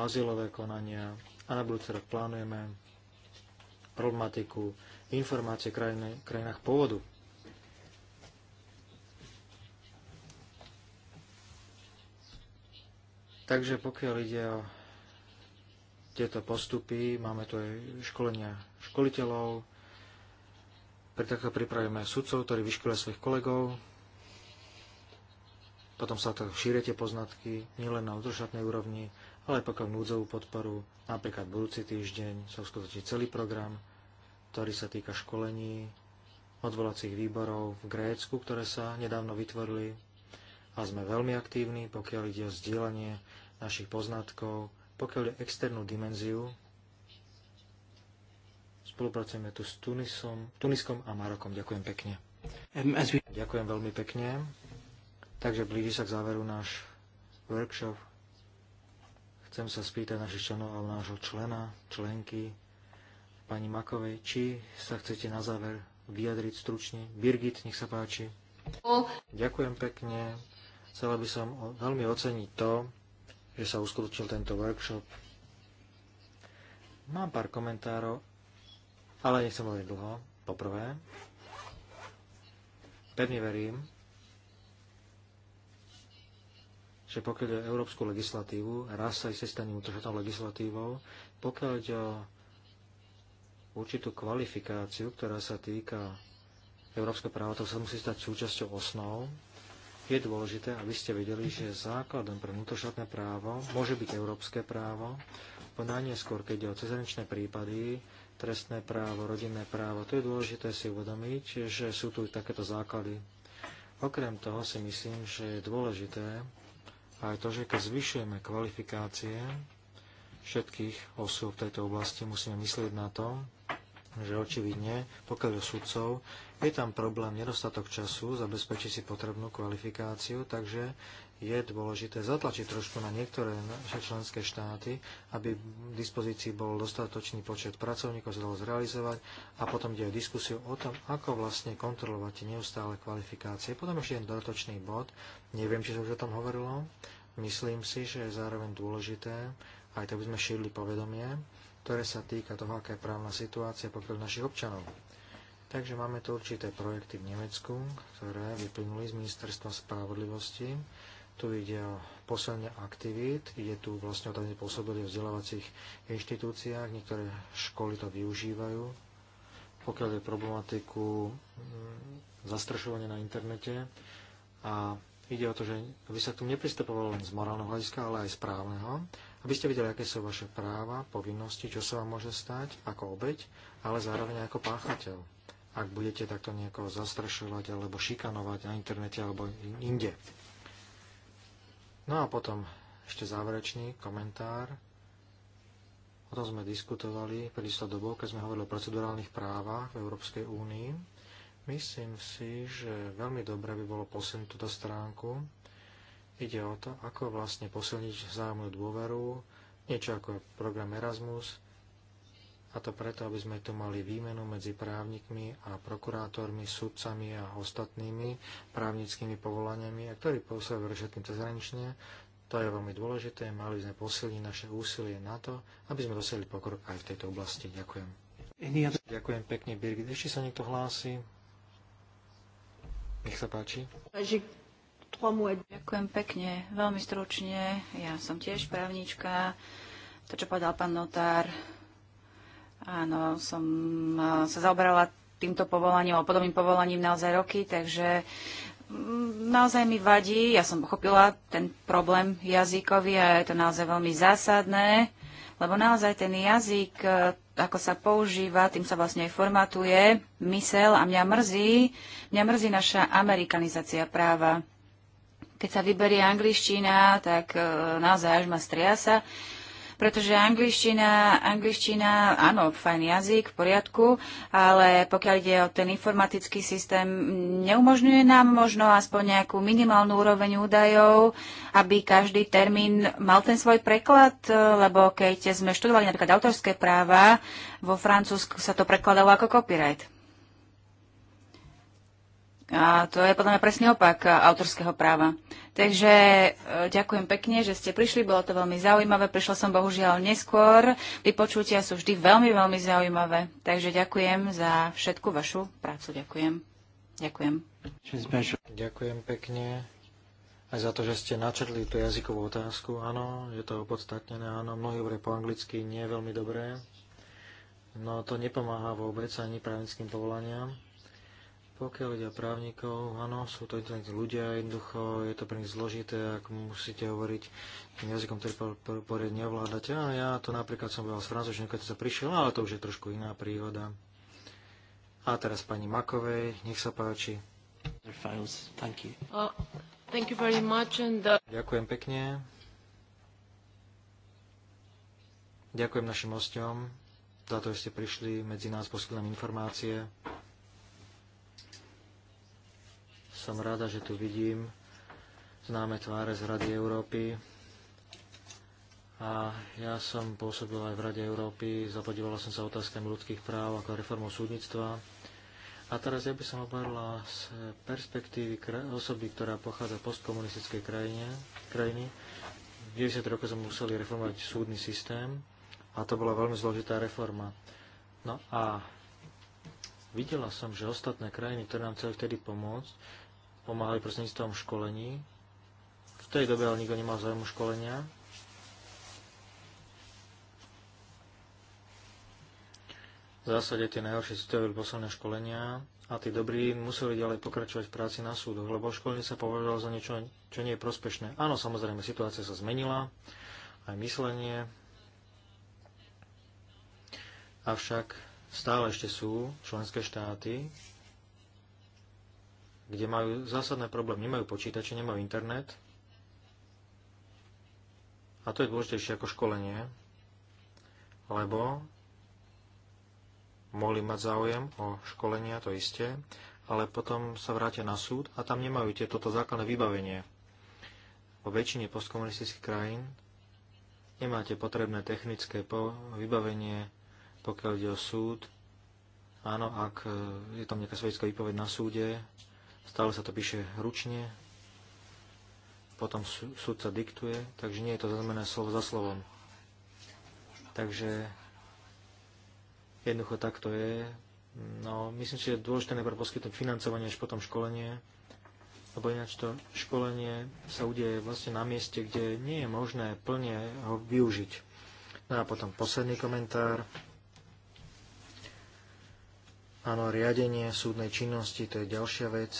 Speaker 1: azylové konania a na budúci rok plánujeme problematiku informácie v krajinách pôvodu Takže pokiaľ ide o tieto postupy, máme tu aj školenia školiteľov, pre takto pripravíme sudcov, ktorí vyškolia svojich kolegov, potom sa tak šíria tie poznatky nielen na udržatnej úrovni, ale aj pokiaľ núdzovú podporu, napríklad budúci týždeň sa uskutoční celý program, ktorý sa týka školení, odvolacích výborov v Grécku, ktoré sa nedávno vytvorili, a sme veľmi aktívni, pokiaľ ide o zdieľanie našich poznatkov, pokiaľ ide externú dimenziu. Spolupracujeme tu s Tunisom, Tuniskom a Marokom. Ďakujem pekne. Um, Ďakujem veľmi pekne. Takže blíži sa k záveru náš workshop. Chcem sa spýtať našich členov alebo nášho člena, členky, pani Makovej, či sa chcete na záver vyjadriť stručne. Birgit, nech sa páči. Ďakujem pekne. Chcela by som veľmi oceniť to, že sa uskutočnil tento workshop. Mám pár komentárov, ale nechcem hovoriť dlho. Poprvé, pevne verím, že pokiaľ ide o európsku legislatívu, raz sa aj se stane vnútroštátnou legislatívou, pokiaľ ide o určitú kvalifikáciu, ktorá sa týka európskeho práva, to sa musí stať súčasťou osnov je dôležité, aby ste vedeli, že základom pre vnútroštátne právo môže byť európske právo, najnieskôr, keď je o cezhraničné prípady, trestné právo, rodinné právo. To je dôležité si uvedomiť, že sú tu takéto základy. Okrem toho si myslím, že je dôležité aj to, že keď zvyšujeme kvalifikácie všetkých osôb v tejto oblasti, musíme myslieť na to, že očividne, pokiaľ je sudcov, je tam problém nedostatok času zabezpečiť si potrebnú kvalifikáciu, takže je dôležité zatlačiť trošku na niektoré naše členské štáty, aby v dispozícii bol dostatočný počet pracovníkov, sa dalo zrealizovať a potom ide o diskusiu o tom, ako vlastne kontrolovať neustále kvalifikácie. Potom ešte jeden dodatočný bod, neviem, či sa už o tom hovorilo, myslím si, že je zároveň dôležité, aj tak by sme šírili povedomie, ktoré sa týka toho, aká je právna situácia pokiaľ našich občanov. Takže máme tu určité projekty v Nemecku, ktoré vyplynuli z Ministerstva spravodlivosti. Tu ide o posilnenie aktivít, ide tu vlastne o tajne pôsobili v vzdelávacích inštitúciách, niektoré školy to využívajú. Pokiaľ je problematiku mm, zastrašovania na internete a ide o to, že by sa k tomu nepristupovalo len z morálneho hľadiska, ale aj z právneho aby ste videli, aké sú vaše práva, povinnosti, čo sa vám môže stať ako obeď, ale zároveň ako páchateľ. Ak budete takto niekoho zastrašovať alebo šikanovať na internete alebo inde. No a potom ešte záverečný komentár. O tom sme diskutovali pred istou dobou, keď sme hovorili o procedurálnych právach v Európskej únii. Myslím si, že veľmi dobre by bolo posunúť túto stránku Ide o to, ako vlastne posilniť vzájomnú dôveru, niečo ako program Erasmus, a to preto, aby sme tu mali výmenu medzi právnikmi a prokurátormi, sudcami a ostatnými právnickými povolaniami, a ktorí pôsobia všetkým cezhranične. To je veľmi dôležité, mali sme posilniť naše úsilie na to, aby sme dosiahli pokrok aj v tejto oblasti. Ďakujem. Ďakujem pekne, Birgit. Ešte sa niekto hlási? Nech sa páči.
Speaker 3: Ďakujem pekne, veľmi stručne. Ja som tiež právnička. To, čo povedal pán notár, áno, som sa zaoberala týmto povolaním alebo podobným povolaním naozaj roky, takže mm, naozaj mi vadí. Ja som pochopila ten problém jazykový a je to naozaj veľmi zásadné, lebo naozaj ten jazyk, e, ako sa používa, tým sa vlastne aj formatuje mysel a mňa mrzí, mňa mrzí naša amerikanizácia práva keď sa vyberie angliština, tak e, naozaj až ma striasa pretože angličtina, angličtina, áno, fajn jazyk, v poriadku, ale pokiaľ ide o ten informatický systém, neumožňuje nám možno aspoň nejakú minimálnu úroveň údajov, aby každý termín mal ten svoj preklad, e, lebo keď sme študovali napríklad autorské práva, vo Francúzsku sa to prekladalo ako copyright. A to je podľa mňa presný opak autorského práva. Takže e, ďakujem pekne, že ste prišli, bolo to veľmi zaujímavé. Prišla som bohužiaľ neskôr. Vypočutia sú vždy veľmi, veľmi zaujímavé. Takže ďakujem za všetku vašu prácu. Ďakujem. Ďakujem.
Speaker 1: Ďakujem pekne aj za to, že ste načrtli tú jazykovú otázku. Áno, je to opodstatnené, áno. Mnohí hovoria po anglicky nie je veľmi dobré. No to nepomáha vôbec ani právnickým povolaniam. Pokiaľ ide o právnikov, áno, sú to internet ľudia, jednoducho je to pre nich zložité, ak musíte hovoriť tým jazykom, ktorý poriadne ovládate. A ja to napríklad som bol z francúzštiny, keď sa prišiel, ale to už je trošku iná príhoda. A teraz pani Makovej, nech sa páči. Thank you. thank you very much and, uh... Ďakujem pekne. Ďakujem našim hostom za to, že ste prišli medzi nás, poskytli nám informácie. Som rada, že tu vidím známe tváre z Rady Európy. A ja som pôsobil aj v Rade Európy, zapodívala som sa otázkami ľudských práv ako reformou súdnictva. A teraz ja by som hovorila z perspektívy osoby, ktorá pochádza postkomunistickej krajine, krajiny. V 90 rokoch sme museli reformovať súdny systém a to bola veľmi zložitá reforma. No a videla som, že ostatné krajiny, ktoré nám chceli vtedy pomôcť, pomáhali prostredníctvom školení. V tej dobe ale nikto nemal zájmu školenia. V zásade tie najhoršie si to boli posledné školenia a tí dobrí museli ďalej pokračovať v práci na súdoch, lebo školenie sa považovalo za niečo, čo nie je prospešné. Áno, samozrejme, situácia sa zmenila, aj myslenie, avšak stále ešte sú členské štáty, kde majú zásadné problémy, nemajú počítače, nemajú internet. A to je dôležitejšie ako školenie, lebo mohli mať záujem o školenia, to isté, ale potom sa vrátia na súd a tam nemajú tieto toto základné vybavenie. Vo väčšine postkomunistických krajín nemáte potrebné technické vybavenie, pokiaľ ide o súd. Áno, ak e, je tam nejaká svedická výpoveď na súde, stále sa to píše ručne, potom súdca diktuje, takže nie je to zaznamené slovo za slovom. Takže jednoducho tak to je. No, myslím si, že dôležité najprv poskytnúť financovanie až potom školenie, lebo ináč to školenie sa udeje vlastne na mieste, kde nie je možné plne ho využiť. No a potom posledný komentár. Áno, riadenie súdnej činnosti, to je ďalšia vec,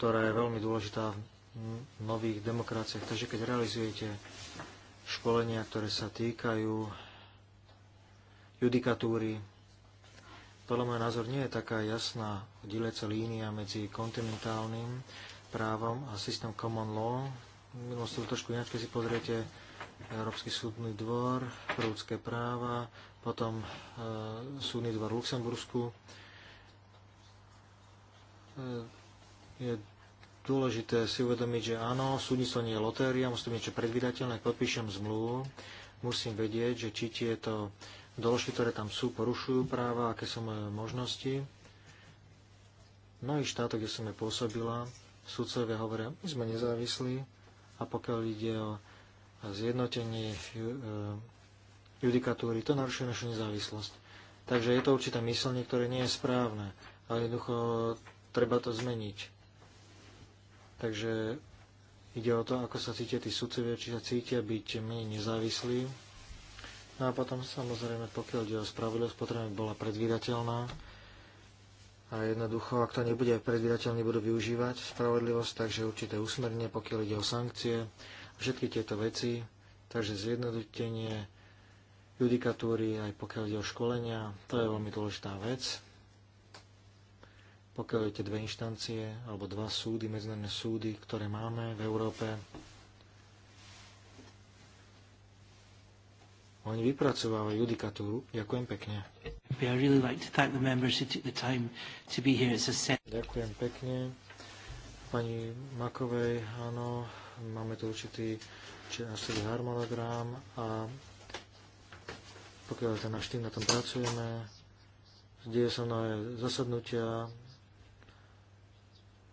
Speaker 1: ktorá je veľmi dôležitá v nových demokraciách. Takže keď realizujete školenia, ktoré sa týkajú judikatúry, podľa môjho názor nie je taká jasná deleca línia medzi kontinentálnym právom a systém common law. Minulosti to trošku ináč, keď si pozriete Európsky súdny dvor, ľudské práva, potom e, súdny dvor v Luxembursku. E, je dôležité si uvedomiť, že áno, súdnictvo nie je lotéria, musí to niečo predvydateľné, podpíšem zmluvu, musím vedieť, že či tieto doložky, ktoré tam sú, porušujú práva, aké sú moje možnosti. V mnohých štátoch, kde som je pôsobila, sudcovia hovoria, my sme nezávislí a pokiaľ ide o zjednotenie e, judikatúry. To narušuje našu nezávislosť. Takže je to určité myslenie, ktoré nie je správne, ale jednoducho treba to zmeniť. Takže ide o to, ako sa cítia tí sudcovia, či sa cítia byť menej nezávislí. No a potom samozrejme, pokiaľ ide o spravodlivosť, potrebujeme bola predvídateľná. A jednoducho, ak to nebude predvídateľné, budú využívať spravodlivosť, takže určité usmernenie, pokiaľ ide o sankcie, všetky tieto veci, takže zjednodutenie, judikatúry, aj pokiaľ ide o školenia. To je veľmi dôležitá vec. Pokiaľ je tie dve inštancie, alebo dva súdy, medzinárodné súdy, ktoré máme v Európe, Oni vypracovávajú judikatúru. Ďakujem pekne. Ďakujem pekne. Pani Makovej, áno, máme tu určitý časový harmonogram a pokiaľ ten náš tým na tom pracujeme, deje sa mnohé zasadnutia,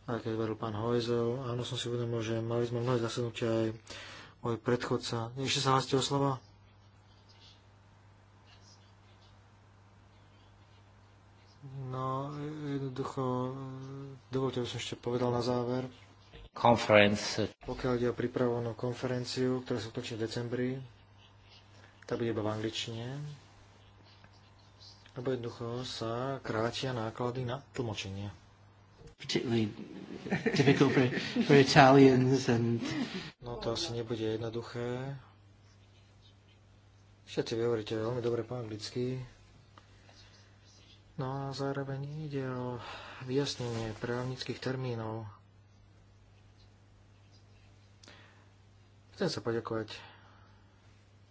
Speaker 1: aj keď veril pán Hojzel, áno, som si uvedomil, že mali sme mnohé zasadnutia aj môj predchodca. Ešte sa hlasíte o slova? No, jednoducho, dovolte, aby som ešte povedal na záver. Pokiaľ ide o pripravovanú konferenciu, ktorá sa točí v decembri, tak bude iba v angličtine, lebo jednoducho sa krátia náklady na tlmočenie.
Speaker 2: Particularly for, for Italians and...
Speaker 1: No to asi nebude jednoduché. Všetci vy hovoríte veľmi dobre po anglicky. No a zároveň ide o vyjasnenie právnických termínov. Chcem sa poďakovať.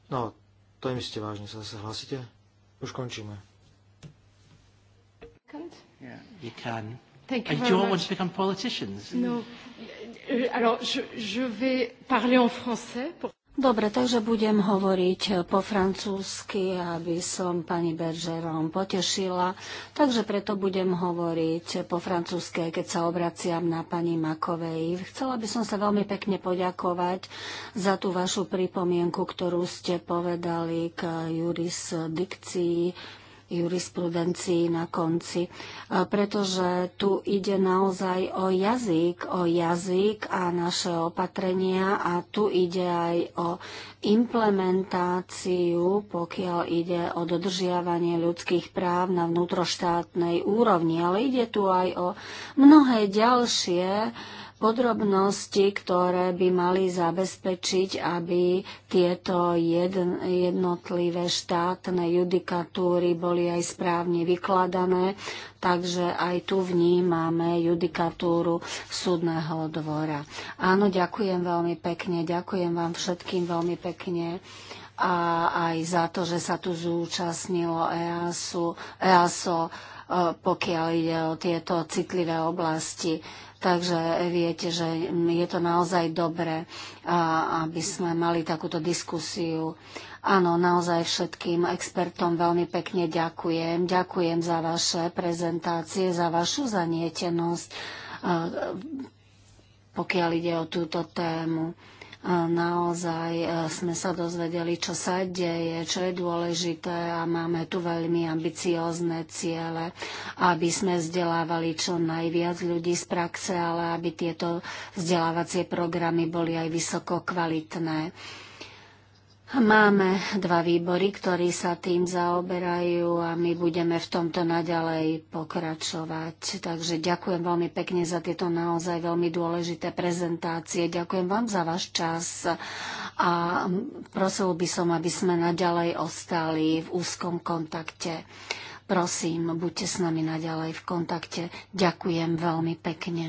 Speaker 1: No, to je myslíte vážne, sa zase hlasíte? Už končíme. Yeah, you can. Thank you And you all want to
Speaker 2: become politicians? No. Alors, je, je vais parler en français. Pour... Dobre, takže budem hovoriť po francúzsky, aby som pani Bergeron potešila. Takže preto budem hovoriť po francúzsky, keď sa obraciam na pani Makovej. Chcela by som sa veľmi pekne poďakovať za tú vašu pripomienku, ktorú ste povedali k jurisdikcii jurisprudencii na konci, e, pretože tu ide naozaj o jazyk, o jazyk a naše opatrenia a tu ide aj o implementáciu, pokiaľ ide o dodržiavanie ľudských práv na vnútroštátnej úrovni, ale ide tu aj o mnohé ďalšie podrobnosti, ktoré by mali zabezpečiť, aby tieto jedn, jednotlivé štátne judikatúry boli aj správne vykladané. Takže aj tu vnímame judikatúru súdneho dvora. Áno, ďakujem veľmi pekne. Ďakujem vám všetkým veľmi pekne a aj za to, že sa tu zúčastnilo EASO, EASO pokiaľ ide o tieto citlivé oblasti. Takže viete, že je to naozaj dobré, aby sme mali takúto diskusiu. Áno, naozaj všetkým expertom veľmi pekne ďakujem. Ďakujem za vaše prezentácie, za vašu zanietenosť, pokiaľ ide o túto tému. Naozaj e, sme sa dozvedeli, čo sa deje, čo je dôležité a máme tu veľmi ambiciózne ciele, aby sme vzdelávali čo najviac ľudí z praxe, ale aby tieto vzdelávacie programy boli aj vysoko kvalitné. Máme dva výbory, ktorí sa tým zaoberajú a my budeme v tomto naďalej pokračovať. Takže ďakujem veľmi pekne za tieto naozaj veľmi dôležité prezentácie. Ďakujem vám za váš čas a prosil by som, aby sme naďalej ostali v úzkom kontakte. Prosím, buďte s nami naďalej v kontakte. Ďakujem veľmi pekne.